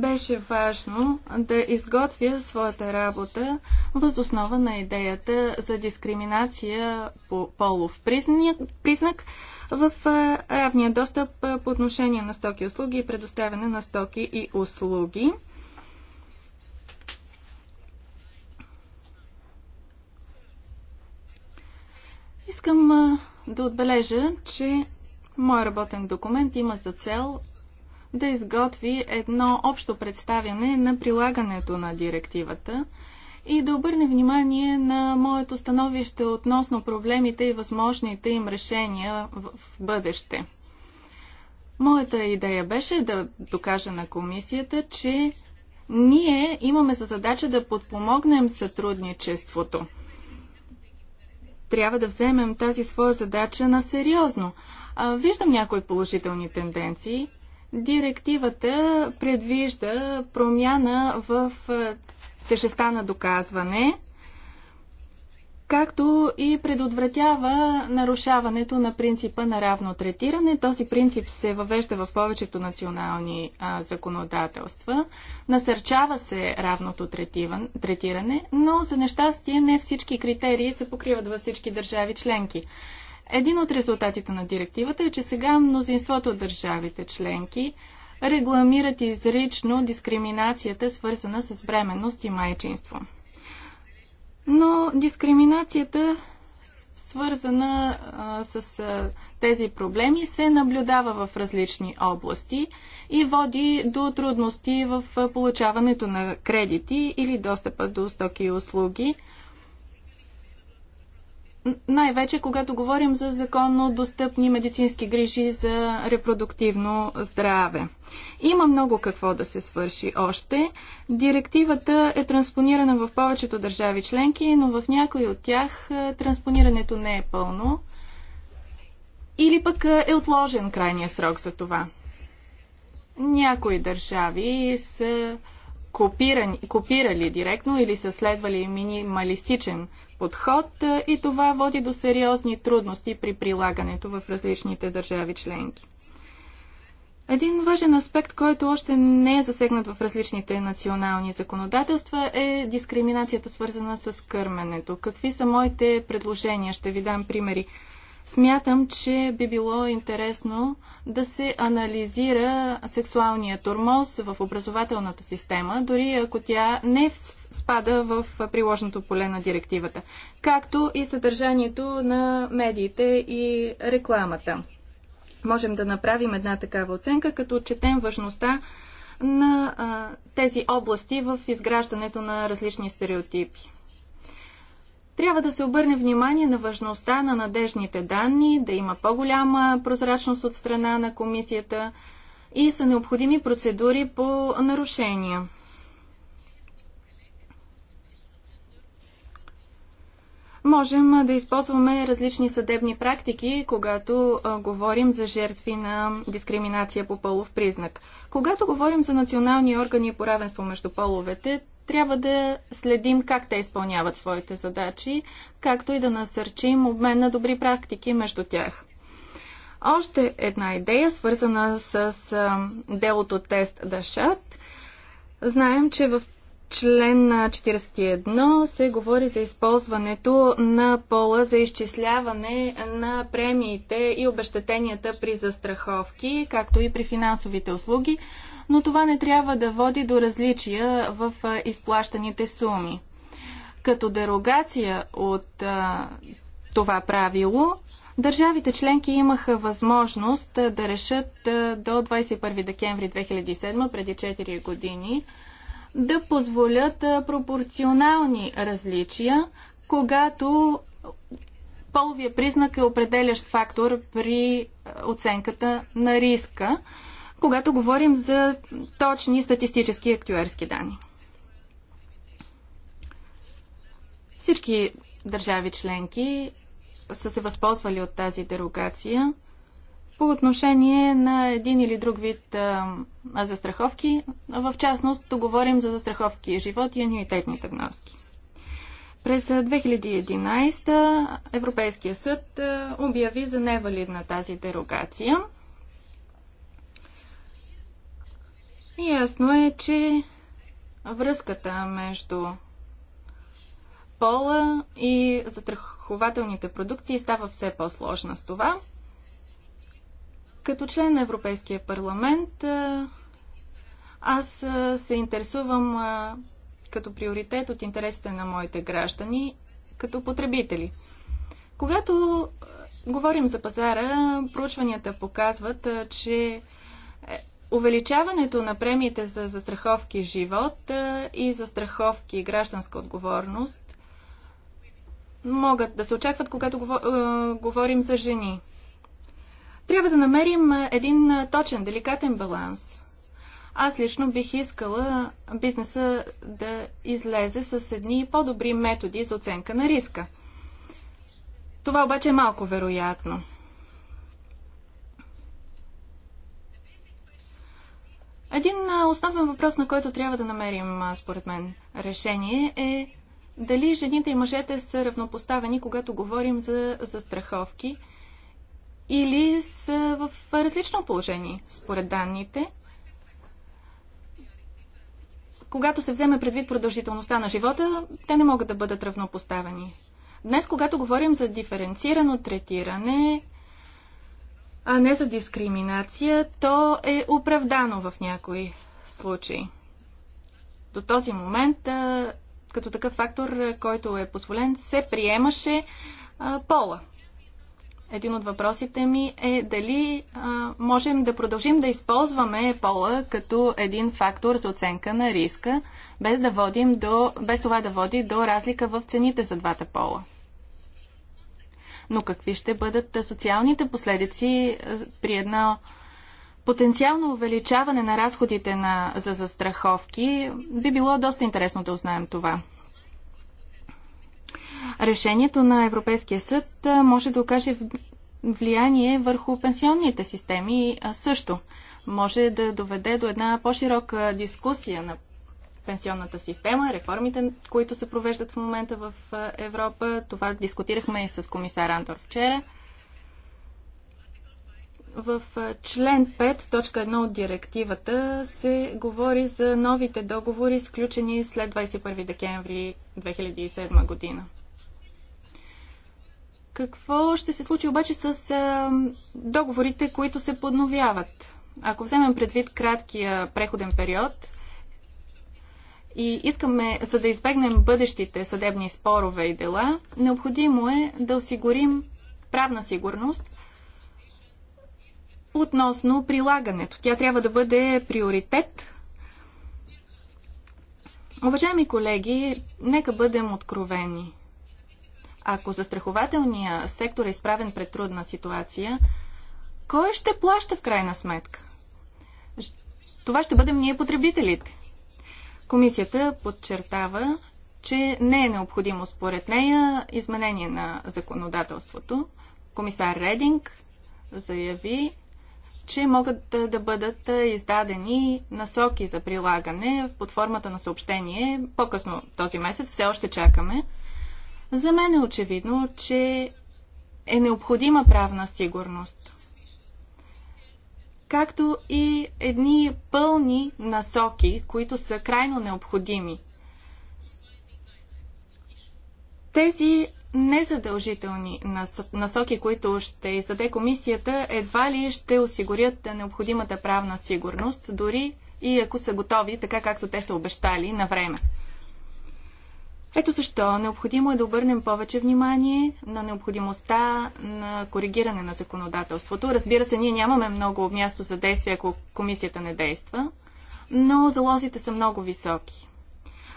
беше важно да изготвя своята работа въз основа на идеята за дискриминация по полов признак в равния достъп по отношение на стоки и услуги и предоставяне на стоки и услуги. Искам да отбележа, че мой работен документ има за цел да изготви едно общо представяне на прилагането на директивата и да обърне внимание на моето становище относно проблемите и възможните им решения в бъдеще. Моята идея беше да докажа на комисията, че ние имаме за задача да подпомогнем сътрудничеството. Трябва да вземем тази своя задача на сериозно. Виждам някои положителни тенденции. Директивата предвижда промяна в е, тежестта на доказване, както и предотвратява нарушаването на принципа на равно третиране. Този принцип се въвежда в повечето национални а, законодателства. Насърчава се равното третиране, но за нещастие не всички критерии се покриват във всички държави членки. Един от резултатите на директивата е, че сега мнозинството от държавите членки регламират изрично дискриминацията, свързана с бременност и майчинство. Но дискриминацията, свързана а, с а, тези проблеми, се наблюдава в различни области и води до трудности в получаването на кредити или достъпа до стоки и услуги – най-вече когато говорим за законно достъпни медицински грижи за репродуктивно здраве. Има много какво да се свърши още. Директивата е транспонирана в повечето държави членки, но в някои от тях е, транспонирането не е пълно. Или пък е, е отложен крайния срок за това. Някои държави са копирани, копирали директно или са следвали минималистичен подход е, и това води до сериозни трудности при прилагането в различните държави членки. Един важен аспект, който още не е засегнат в различните национални законодателства е дискриминацията свързана с кърменето. Какви са моите предложения? Ще ви дам примери. Смятам, че би било интересно да се анализира сексуалния тормоз в образователната система, дори ако тя не спада в приложното поле на директивата, както и съдържанието на медиите и рекламата. Можем да направим една такава оценка, като отчетем важността на а, тези области в изграждането на различни стереотипи. Трябва да се обърне внимание на важността на надежните данни, да има по-голяма прозрачност от страна на комисията и са необходими процедури по нарушения. Можем да използваме различни съдебни практики, когато а, говорим за жертви на дискриминация по полов признак. Когато говорим за национални органи по равенство между половете, трябва да следим как те изпълняват своите задачи, както и да насърчим обмен на добри практики между тях. Още една идея, свързана с а, делото Тест Дашат. Знаем, че в член 41 се говори за използването на пола за изчисляване на премиите и обещетенията при застраховки, както и при финансовите услуги, но това не трябва да води до различия в изплащаните суми. Като дерогация от а, това правило, Държавите членки имаха възможност да решат до 21 декември 2007, преди 4 години, да позволят пропорционални различия, когато половия признак е определящ фактор при оценката на риска, когато говорим за точни статистически актюерски данни. Всички държави членки са се възползвали от тази дерогация – по отношение на един или друг вид а, застраховки. В частност, говорим за застраховки живот и анюитетните вноски. През 2011 Европейския съд обяви за невалидна тази дерогация. И ясно е, че връзката между пола и застрахователните продукти става все по-сложна с това – като член на Европейския парламент, аз се интересувам като приоритет от интересите на моите граждани като потребители. Когато говорим за пазара, проучванията показват, че е, увеличаването на премиите за застраховки живот и застраховки гражданска отговорност могат да се очакват, когато говорим за жени. Трябва да намерим един точен, деликатен баланс. Аз лично бих искала бизнеса да излезе с едни по-добри методи за оценка на риска. Това обаче е малко вероятно. Един основен въпрос, на който трябва да намерим, според мен, решение е дали жените и мъжете са равнопоставени, когато говорим за застраховки – или са в различно положение според данните. Когато се вземе предвид продължителността на живота, те не могат да бъдат равнопоставени. Днес, когато говорим за диференцирано третиране, а не за дискриминация, то е оправдано в някои случаи. До този момент, като такъв фактор, който е позволен, се приемаше пола един от въпросите ми е дали а, можем да продължим да използваме пола като един фактор за оценка на риска, без, да водим до, без това да води до разлика в цените за двата пола. Но какви ще бъдат социалните последици при едно потенциално увеличаване на разходите на, за застраховки? Би било доста интересно да узнаем това решението на Европейския съд може да окаже влияние върху пенсионните системи също. Може да доведе до една по-широка дискусия на пенсионната система, реформите, които се провеждат в момента в Европа. Това дискутирахме и с комисар Антор вчера. В член 5, точка 1 от директивата се говори за новите договори, сключени след 21 декември 2007 година. Какво ще се случи обаче с а, договорите, които се подновяват? Ако вземем предвид краткия преходен период и искаме, за да избегнем бъдещите съдебни спорове и дела, необходимо е да осигурим правна сигурност относно прилагането. Тя трябва да бъде приоритет. Уважаеми колеги, нека бъдем откровени. Ако застрахователния сектор е изправен пред трудна ситуация, кой ще плаща в крайна сметка? Това ще бъдем ние потребителите. Комисията подчертава, че не е необходимо според нея изменение на законодателството. Комисар Рединг заяви, че могат да бъдат издадени насоки за прилагане под формата на съобщение. По-късно този месец все още чакаме. За мен е очевидно, че е необходима правна сигурност, както и едни пълни насоки, които са крайно необходими. Тези незадължителни насоки, които ще издаде комисията, едва ли ще осигурят необходимата правна сигурност, дори и ако са готови, така както те са обещали, на време. Ето защо необходимо е да обърнем повече внимание на необходимостта на коригиране на законодателството. Разбира се, ние нямаме много място за действие, ако комисията не действа, но залозите са много високи.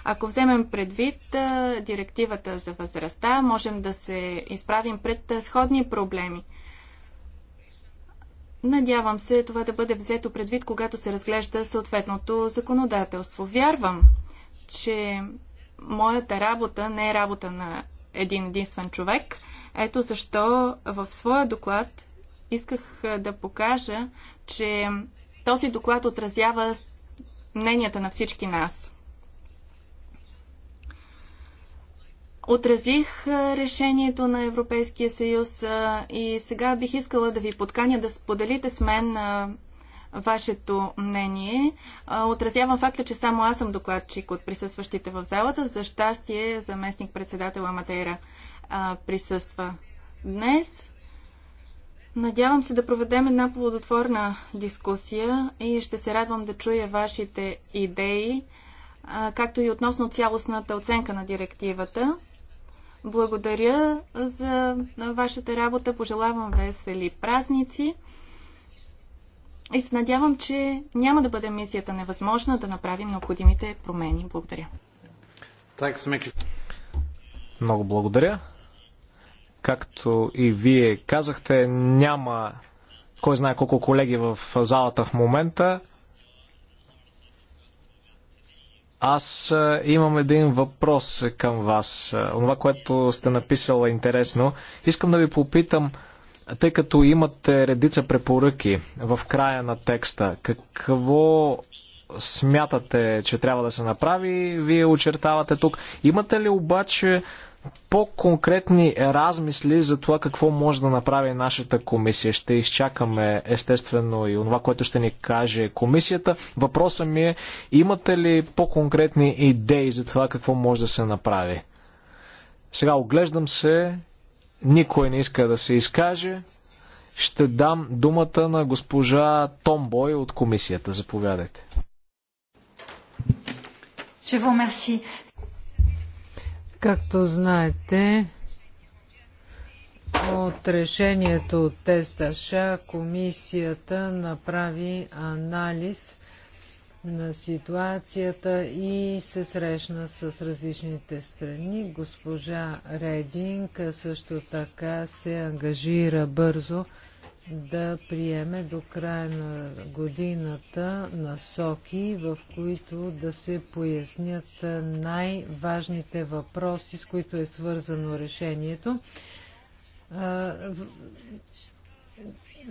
Ако вземем предвид директивата за възрастта, можем да се изправим пред сходни проблеми. Надявам се това да бъде взето предвид, когато се разглежда съответното законодателство. Вярвам, че моята работа не е работа на един единствен човек. Ето защо в своя доклад исках да покажа, че този доклад отразява мненията на всички нас. Отразих решението на Европейския съюз и сега бих искала да ви подканя да споделите с мен вашето мнение. Отразявам факта, че само аз съм докладчик от присъстващите в залата. За щастие, заместник председател Аматейра присъства днес. Надявам се да проведем една плодотворна дискусия и ще се радвам да чуя вашите идеи, както и относно цялостната оценка на директивата. Благодаря за вашата работа. Пожелавам весели празници и се надявам, че няма да бъде мисията невъзможна да направим необходимите промени. Благодаря. Много благодаря. Както и вие казахте, няма кой знае колко колеги в залата в момента. Аз имам един въпрос към вас. Онова, което сте написала интересно. Искам да ви попитам, тъй като имате редица препоръки в края на текста, какво смятате, че трябва да се направи, вие очертавате тук. Имате ли обаче по-конкретни размисли за това какво може да направи нашата комисия. Ще изчакаме естествено и това, което ще ни каже комисията. Въпросът ми е, имате ли по-конкретни идеи за това какво може да се направи? Сега оглеждам се никой не иска да се изкаже. Ще дам думата на госпожа Томбой от комисията. Заповядайте. Както знаете, от решението от теста ША комисията направи анализ на ситуацията и се срещна с различните страни. Госпожа Рединг също така се ангажира бързо да приеме до края на годината насоки, в които да се пояснят най-важните въпроси, с които е свързано решението.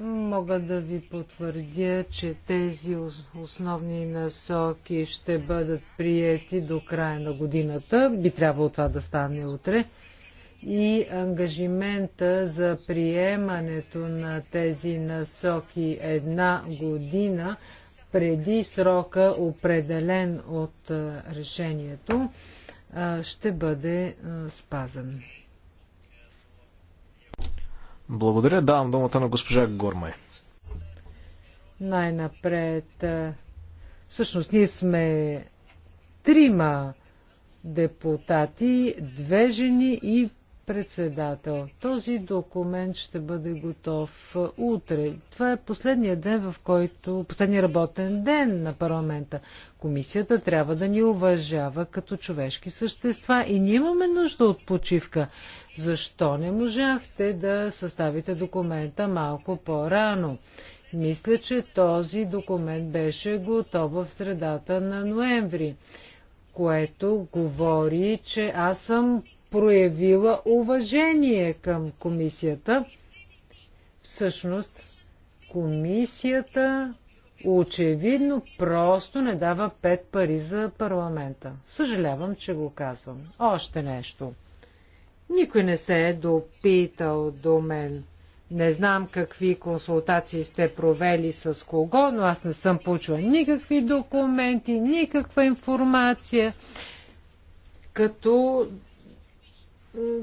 Мога да ви потвърдя, че тези основни насоки ще бъдат приети до края на годината. Би трябвало това да стане утре. И ангажимента за приемането на тези насоки една година преди срока, определен от решението, ще бъде спазан. Благодаря. Давам думата на госпожа Гормай. Най-напред. Всъщност ние сме трима депутати, две жени и председател. Този документ ще бъде готов утре. Това е последният ден, в който, последният работен ден на парламента. Комисията трябва да ни уважава като човешки същества и ние имаме нужда от почивка. Защо не можахте да съставите документа малко по-рано? Мисля, че този документ беше готов в средата на ноември което говори, че аз съм проявила уважение към комисията. Всъщност, комисията очевидно просто не дава пет пари за парламента. Съжалявам, че го казвам. Още нещо. Никой не се е допитал до мен. Не знам какви консултации сте провели с кого, но аз не съм получила никакви документи, никаква информация. Като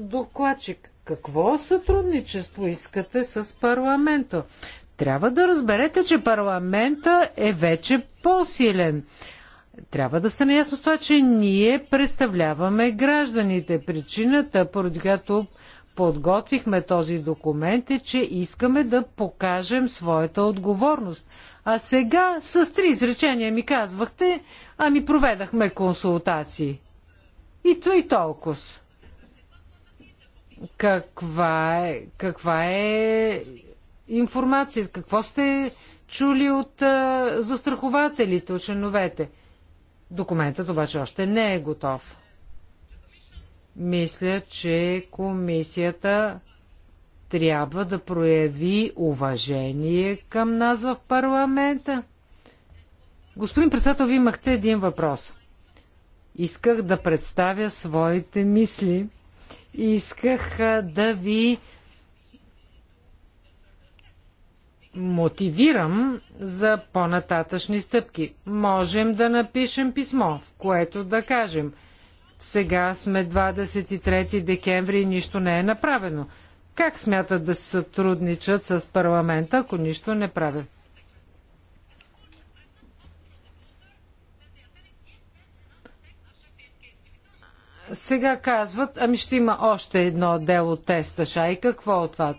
докладчик. Какво сътрудничество искате с парламента? Трябва да разберете, че парламента е вече по-силен. Трябва да сте наясно с това, че ние представляваме гражданите. Причината, поради която подготвихме този документ е, че искаме да покажем своята отговорност. А сега с три изречения ми казвахте, ами проведахме консултации. И то и толкова каква е, каква е информация, какво сте чули от а, застрахователите, от членовете. Документът обаче още не е готов. Мисля, че комисията трябва да прояви уважение към нас в парламента. Господин председател, ви имахте един въпрос. Исках да представя своите мисли Исках да ви мотивирам за по-нататъчни стъпки. Можем да напишем писмо, в което да кажем сега сме 23 декември и нищо не е направено. Как смятат да се сътрудничат с парламента, ако нищо не правят? Сега казват, ами ще има още едно дело теста И Какво от това?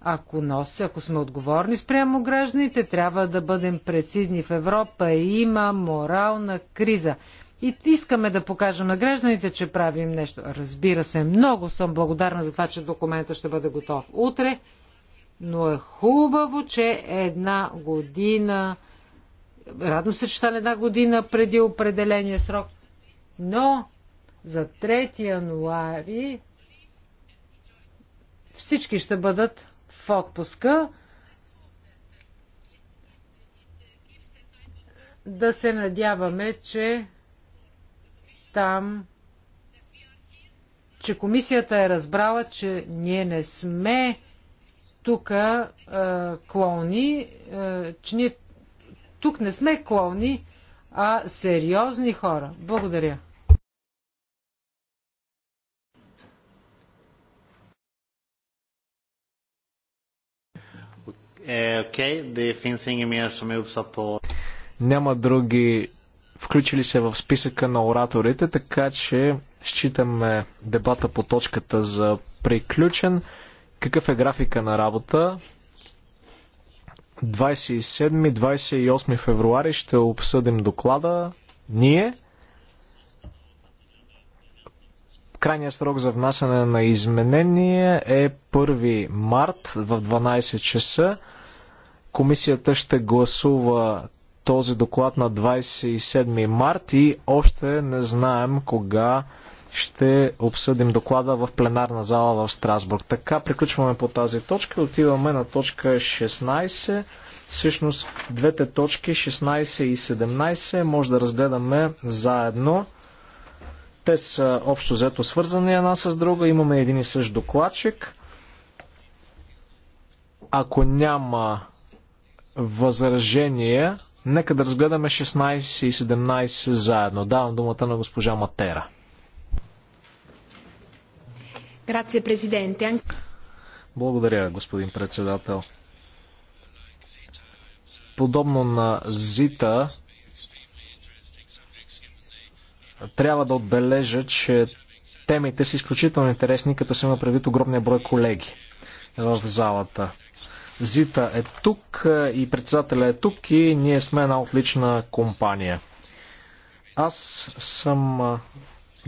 Ако носи, ако сме отговорни спрямо гражданите, трябва да бъдем прецизни. В Европа има морална криза. И искаме да покажем на гражданите, че правим нещо. Разбира се, много съм благодарна за това, че документа ще бъде готов утре, но е хубаво, че една година, радно се, че стане една година преди определения срок, но за 3 януари всички ще бъдат в отпуска. Да се надяваме, че там че комисията е разбрала, че ние не сме тук е, клони, е, че ние тук не сме клони, а сериозни хора. Благодаря. Okay, det finns inget ми som Няма други включили се в списъка на ораторите, така че считаме дебата по точката за приключен. Какъв е графика на работа? 27-28 февруари ще обсъдим доклада. Ние. Крайният срок за внасяне на изменения е 1 март в 12 часа. Комисията ще гласува този доклад на 27 март и още не знаем кога ще обсъдим доклада в пленарна зала в Страсбург. Така приключваме по тази точка. Отиваме на точка 16. Всъщност двете точки 16 и 17 може да разгледаме заедно. Те са общо взето свързани една с друга. Имаме един и същ докладчик. Ако няма възражения, нека да разгледаме 16 и 17 заедно. Давам думата на госпожа Матера. Грация, президенте. Благодаря, господин председател. Подобно на ЗИТА, трябва да отбележа, че темите са изключително интересни, като се има предвид огромния брой колеги в залата. Зита е тук е, и председателя е тук и ние сме една отлична компания. Аз съм е,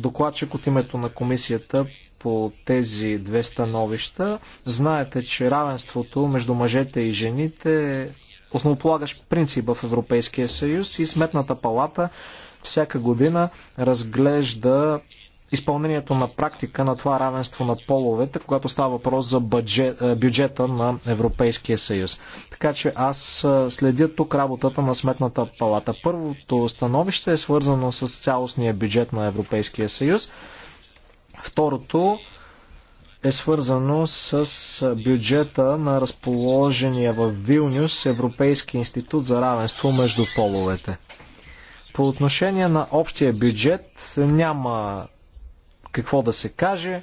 докладчик от името на комисията по тези две становища. Знаете, че равенството между мъжете и жените е основополагащ принцип в Европейския съюз и Сметната палата всяка година разглежда изпълнението на практика на това равенство на половете, когато става въпрос за е, бюджета на Европейския съюз. Така че аз е, следя тук работата на Сметната палата. Първото становище е свързано с цялостния бюджет на Европейския съюз. Второто е свързано с бюджета на разположения в Вилнюс Европейски институт за равенство между половете. По отношение на общия бюджет няма какво да се каже.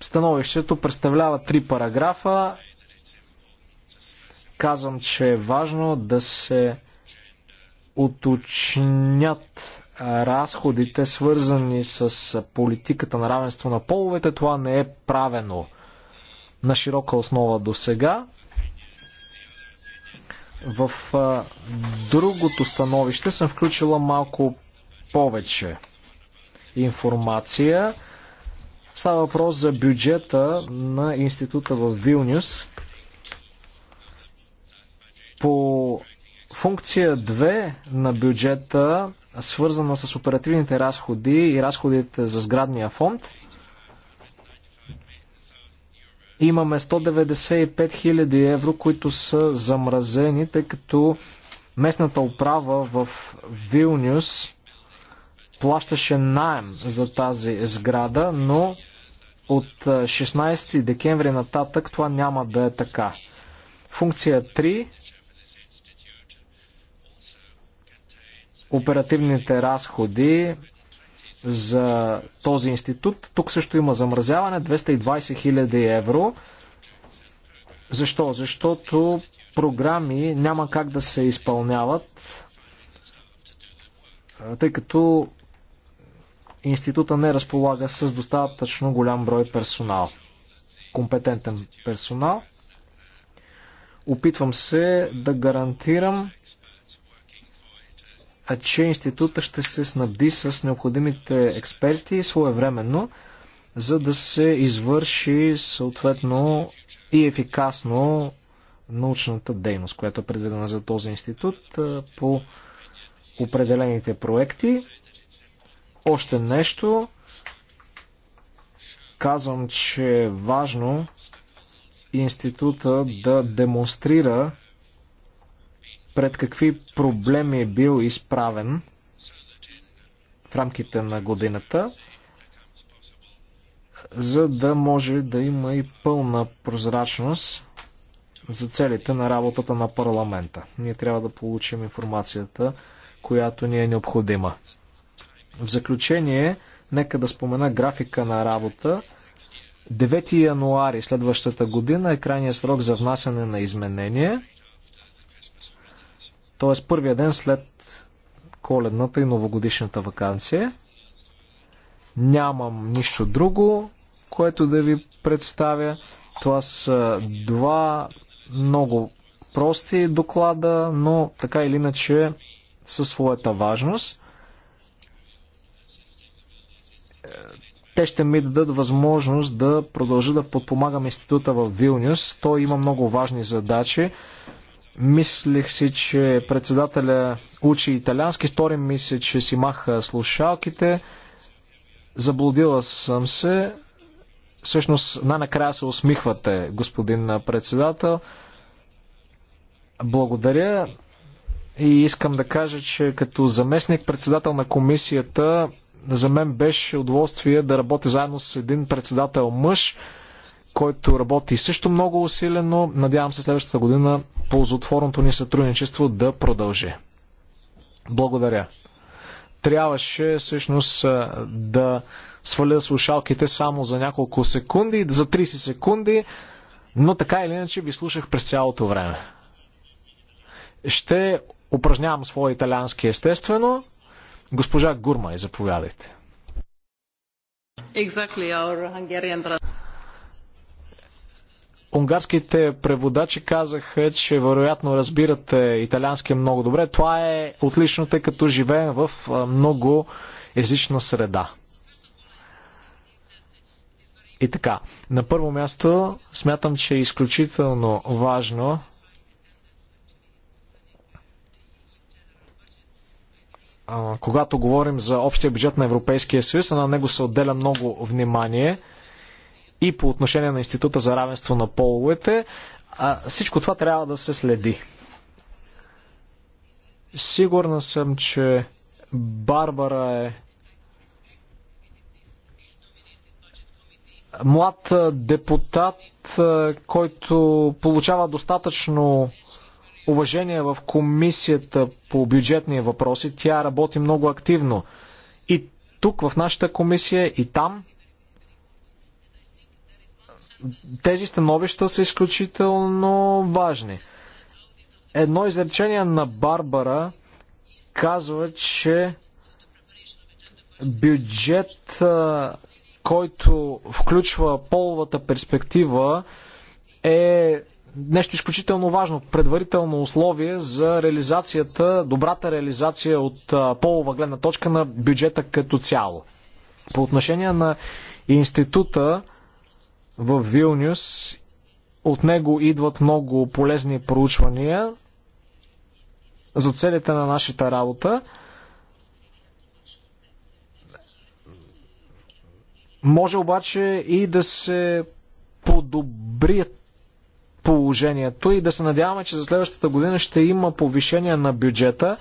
Становището представлява три параграфа. Казвам, че е важно да се уточнят разходите, свързани с политиката на равенство на половете. Това не е правено на широка основа до сега. В а, другото становище съм включила малко повече информация. Става въпрос за бюджета на института в Вилнюс. По функция 2 на бюджета, свързана с оперативните разходи и разходите за сградния фонд – Имаме 195 000 евро, които са замразени, тъй като местната управа в Вилнюс плащаше найем за тази сграда, но от 16 декември нататък това няма да е така. Функция 3 оперативните разходи за този институт. Тук също има замразяване 220 000 евро. Защо? Защото програми няма как да се изпълняват, тъй като института не разполага с достатъчно голям брой персонал, компетентен персонал. Опитвам се да гарантирам, че института ще се снабди с необходимите експерти своевременно, за да се извърши съответно и ефикасно научната дейност, която е предвидена за този институт по определените проекти. Още нещо. Казвам, че е важно института да демонстрира пред какви проблеми е бил изправен в рамките на годината, за да може да има и пълна прозрачност за целите на работата на парламента. Ние трябва да получим информацията, която ни е необходима. В заключение, нека да спомена графика на работа. 9 януари следващата година е крайният срок за внасяне на изменения т.е. първия ден след коледната и новогодишната вакансия. Нямам нищо друго, което да ви представя. Това са два много прости доклада, но така или иначе със своята важност. Те ще ми дадат възможност да продължа да подпомагам института в Вилнюс. Той има много важни задачи. Мислих си, че председателя учи италиански, стори ми се, че си маха слушалките. Заблудила съм се. Всъщност, най-накрая се усмихвате, господин председател. Благодаря. И искам да кажа, че като заместник председател на комисията, за мен беше удоволствие да работя заедно с един председател мъж който работи също много усилено. Надявам се следващата година ползотворното ни сътрудничество да продължи. Благодаря. Трябваше всъщност да сваля слушалките само за няколко секунди, за 30 секунди, но така или иначе ви слушах през цялото време. Ще упражнявам своя италиански естествено. Госпожа Гурмай, заповядайте. Exactly our Hungarian Унгарските преводачи казаха, че вероятно разбирате италиански много добре. Това е отлично, тъй като живеем в много езична среда. И така, на първо място смятам, че е изключително важно когато говорим за общия бюджет на Европейския съюз, на него се отделя много внимание – и по отношение на Института за равенство на половете. А, всичко това трябва да се следи. Сигурна съм, че Барбара е млад депутат, който получава достатъчно уважение в комисията по бюджетни въпроси. Тя работи много активно. И тук в нашата комисия, и там. Тези становища са изключително важни. Едно изречение на Барбара казва, че бюджет, който включва половата перспектива, е нещо изключително важно, предварително условие за реализацията, добрата реализация от полова гледна точка на бюджета като цяло. По отношение на института, в Вилнюс. От него идват много полезни проучвания за целите на нашата работа. Може обаче и да се подобри положението и да се надяваме, че за следващата година ще има повишение на бюджета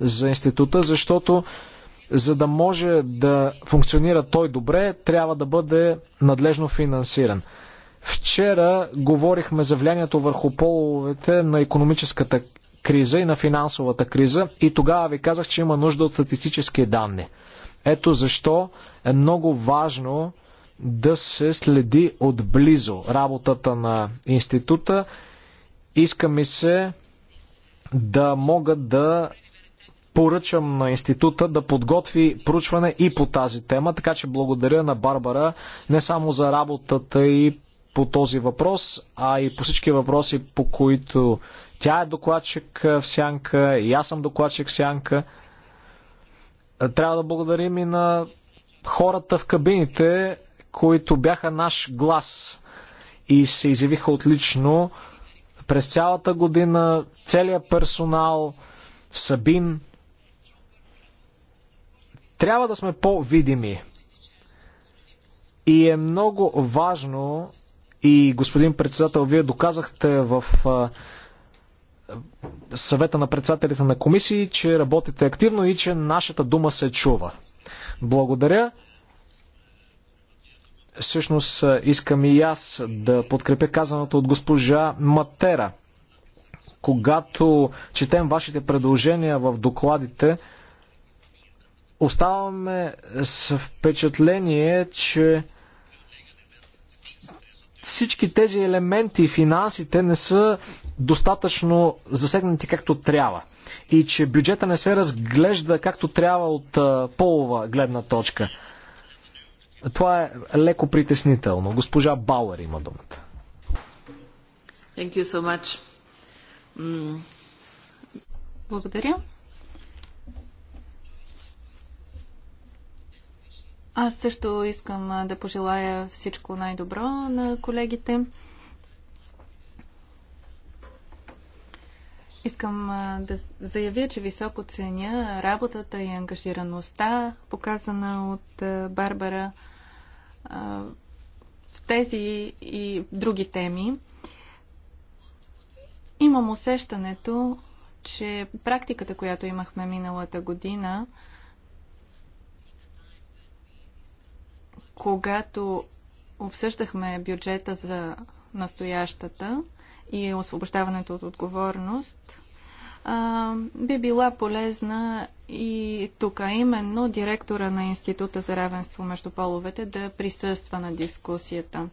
за института, защото за да може да функционира той добре, трябва да бъде надлежно финансиран. Вчера говорихме за влиянието върху половете на економическата криза и на финансовата криза и тогава ви казах, че има нужда от статистически данни. Ето защо е много важно да се следи отблизо работата на института. Иска ми се да могат да поръчам на института да подготви проучване и по тази тема, така че благодаря на Барбара не само за работата и по този въпрос, а и по всички въпроси, по които тя е докладчик в Сянка и аз съм докладчик в Сянка. Трябва да благодарим и на хората в кабините, които бяха наш глас и се изявиха отлично през цялата година, целият персонал, Сабин, трябва да сме по-видими. И е много важно, и господин председател, вие доказахте в съвета на председателите на комисии, че работите активно и че нашата дума се чува. Благодаря. Всъщност искам и аз да подкрепя казаното от госпожа Матера. Когато четем вашите предложения в докладите, оставаме с впечатление, че всички тези елементи, финансите не са достатъчно засегнати както трябва. И че бюджета не се разглежда както трябва от полова гледна точка. Това е леко притеснително. Госпожа Бауер има думата. Thank you so much. Mm. Благодаря. Аз също искам да пожелая всичко най-добро на колегите. Искам да заявя, че високо ценя работата и ангажираността, показана от Барбара в тези и други теми. Имам усещането, че практиката, която имахме миналата година, когато обсъждахме бюджета за настоящата и освобождаването от отговорност, а, би била полезна и тук, а именно директора на Института за равенство между половете да присъства на дискусията.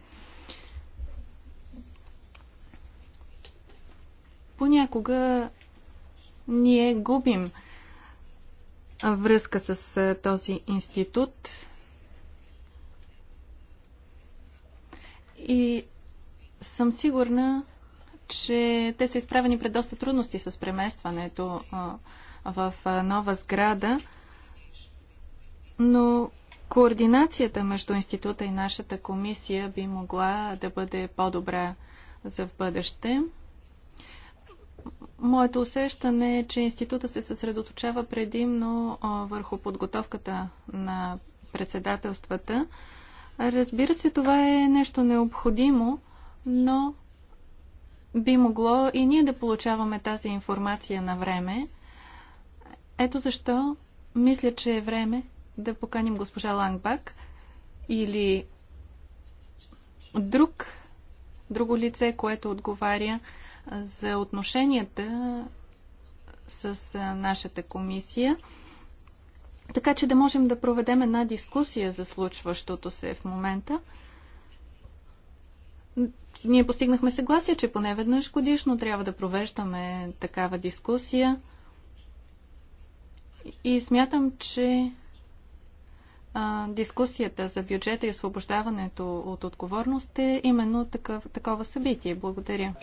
Понякога ние губим връзка с този институт И съм сигурна, че те са изправени пред доста трудности с преместването в нова сграда, но координацията между института и нашата комисия би могла да бъде по-добра за в бъдеще. Моето усещане е, че института се съсредоточава предимно върху подготовката на председателствата, Разбира се, това е нещо необходимо, но би могло и ние да получаваме тази информация на време. Ето защо мисля, че е време да поканим госпожа Лангбак или друг, друго лице, което отговаря за отношенията с нашата комисия така че да можем да проведем една дискусия за случващото се в момента. Ние постигнахме съгласие, че поне веднъж годишно трябва да провеждаме такава дискусия. И смятам, че а, дискусията за бюджета и освобождаването от отговорност е именно такъв, такова събитие. Благодаря.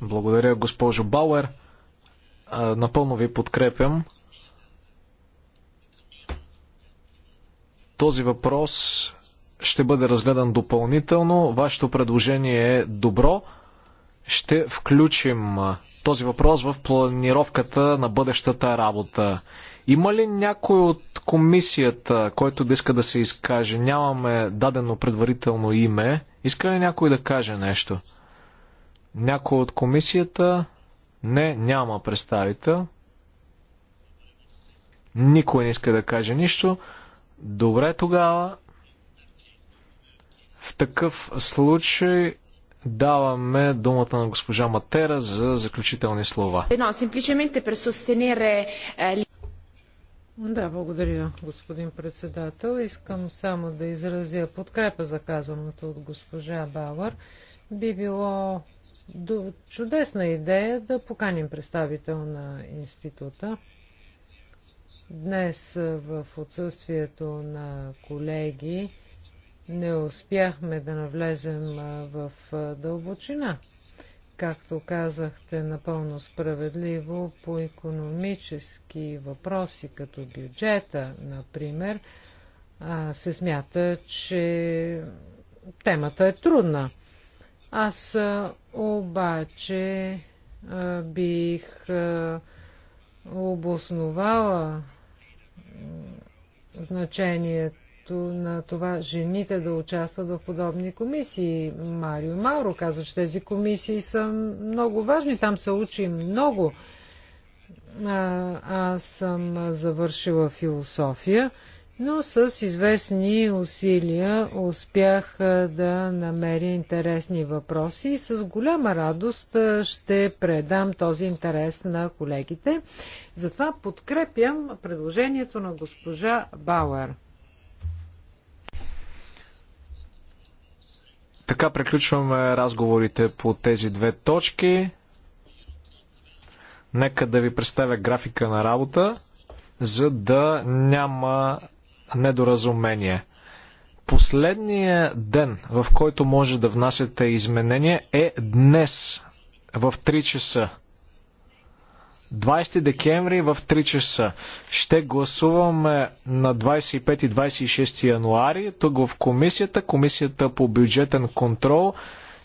Благодаря, госпожо Бауер. напълно ви подкрепям. Този въпрос ще бъде разгледан допълнително. Вашето предложение е добро. Ще включим този въпрос в планировката на бъдещата работа. Има ли някой от комисията, който да иска да се изкаже? Нямаме дадено предварително име. Иска ли някой да каже нещо? Някой от комисията? Не, няма представител. Никой не иска да каже нищо. Добре тогава. В такъв случай даваме думата на госпожа Матера за заключителни слова. Eh, да, благодаря, господин председател. Искам само да изразя подкрепа за казаното от госпожа Бауър. Би било чудесна идея да поканим представител на института. Днес в отсъствието на колеги не успяхме да навлезем в дълбочина. Както казахте, напълно справедливо по економически въпроси, като бюджета, например, се смята, че темата е трудна. Аз обаче бих обосновала значението на това жените да участват в подобни комисии. Марио Мауро каза, че тези комисии са много важни. Там се учи много. А, аз съм завършила философия но с известни усилия успях да намеря интересни въпроси и с голяма радост ще предам този интерес на колегите. Затова подкрепям предложението на госпожа Бауер. Така приключваме разговорите по тези две точки. Нека да ви представя графика на работа, за да няма недоразумение. Последният ден, в който може да внасяте изменения е днес в 3 часа. 20 декември в 3 часа. Ще гласуваме на 25 и 26 януари тук в комисията, комисията по бюджетен контрол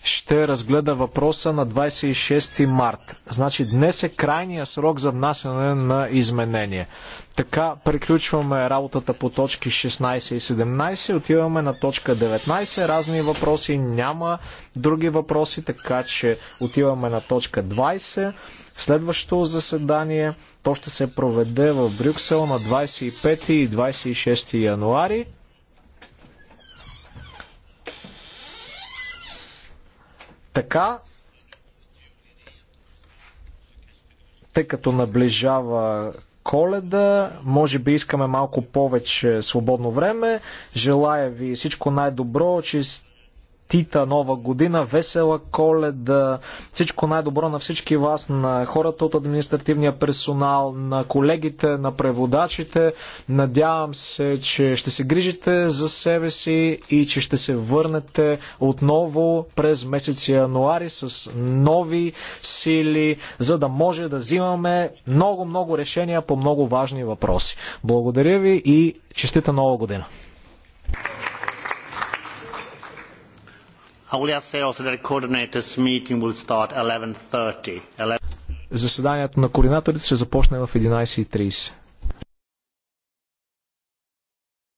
ще разгледа въпроса на 26 март. Значи днес е крайния срок за внасяне на изменения. Така приключваме работата по точки 16 и 17. Отиваме на точка 19. Разни въпроси няма други въпроси, така че отиваме на точка 20. Следващото заседание то ще се проведе в Брюксел на 25 и 26 януари. Така, тъй като наближава коледа, може би искаме малко повече свободно време. Желая ви всичко най-добро, чист честита нова година, весела коледа, всичко най-добро на всички вас, на хората от административния персонал, на колегите, на преводачите. Надявам се, че ще се грижите за себе си и че ще се върнете отново през месец януари с нови сили, за да може да взимаме много-много решения по много важни въпроси. Благодаря ви и честита нова година! Заседанието на координаторите ще започне в 11:30.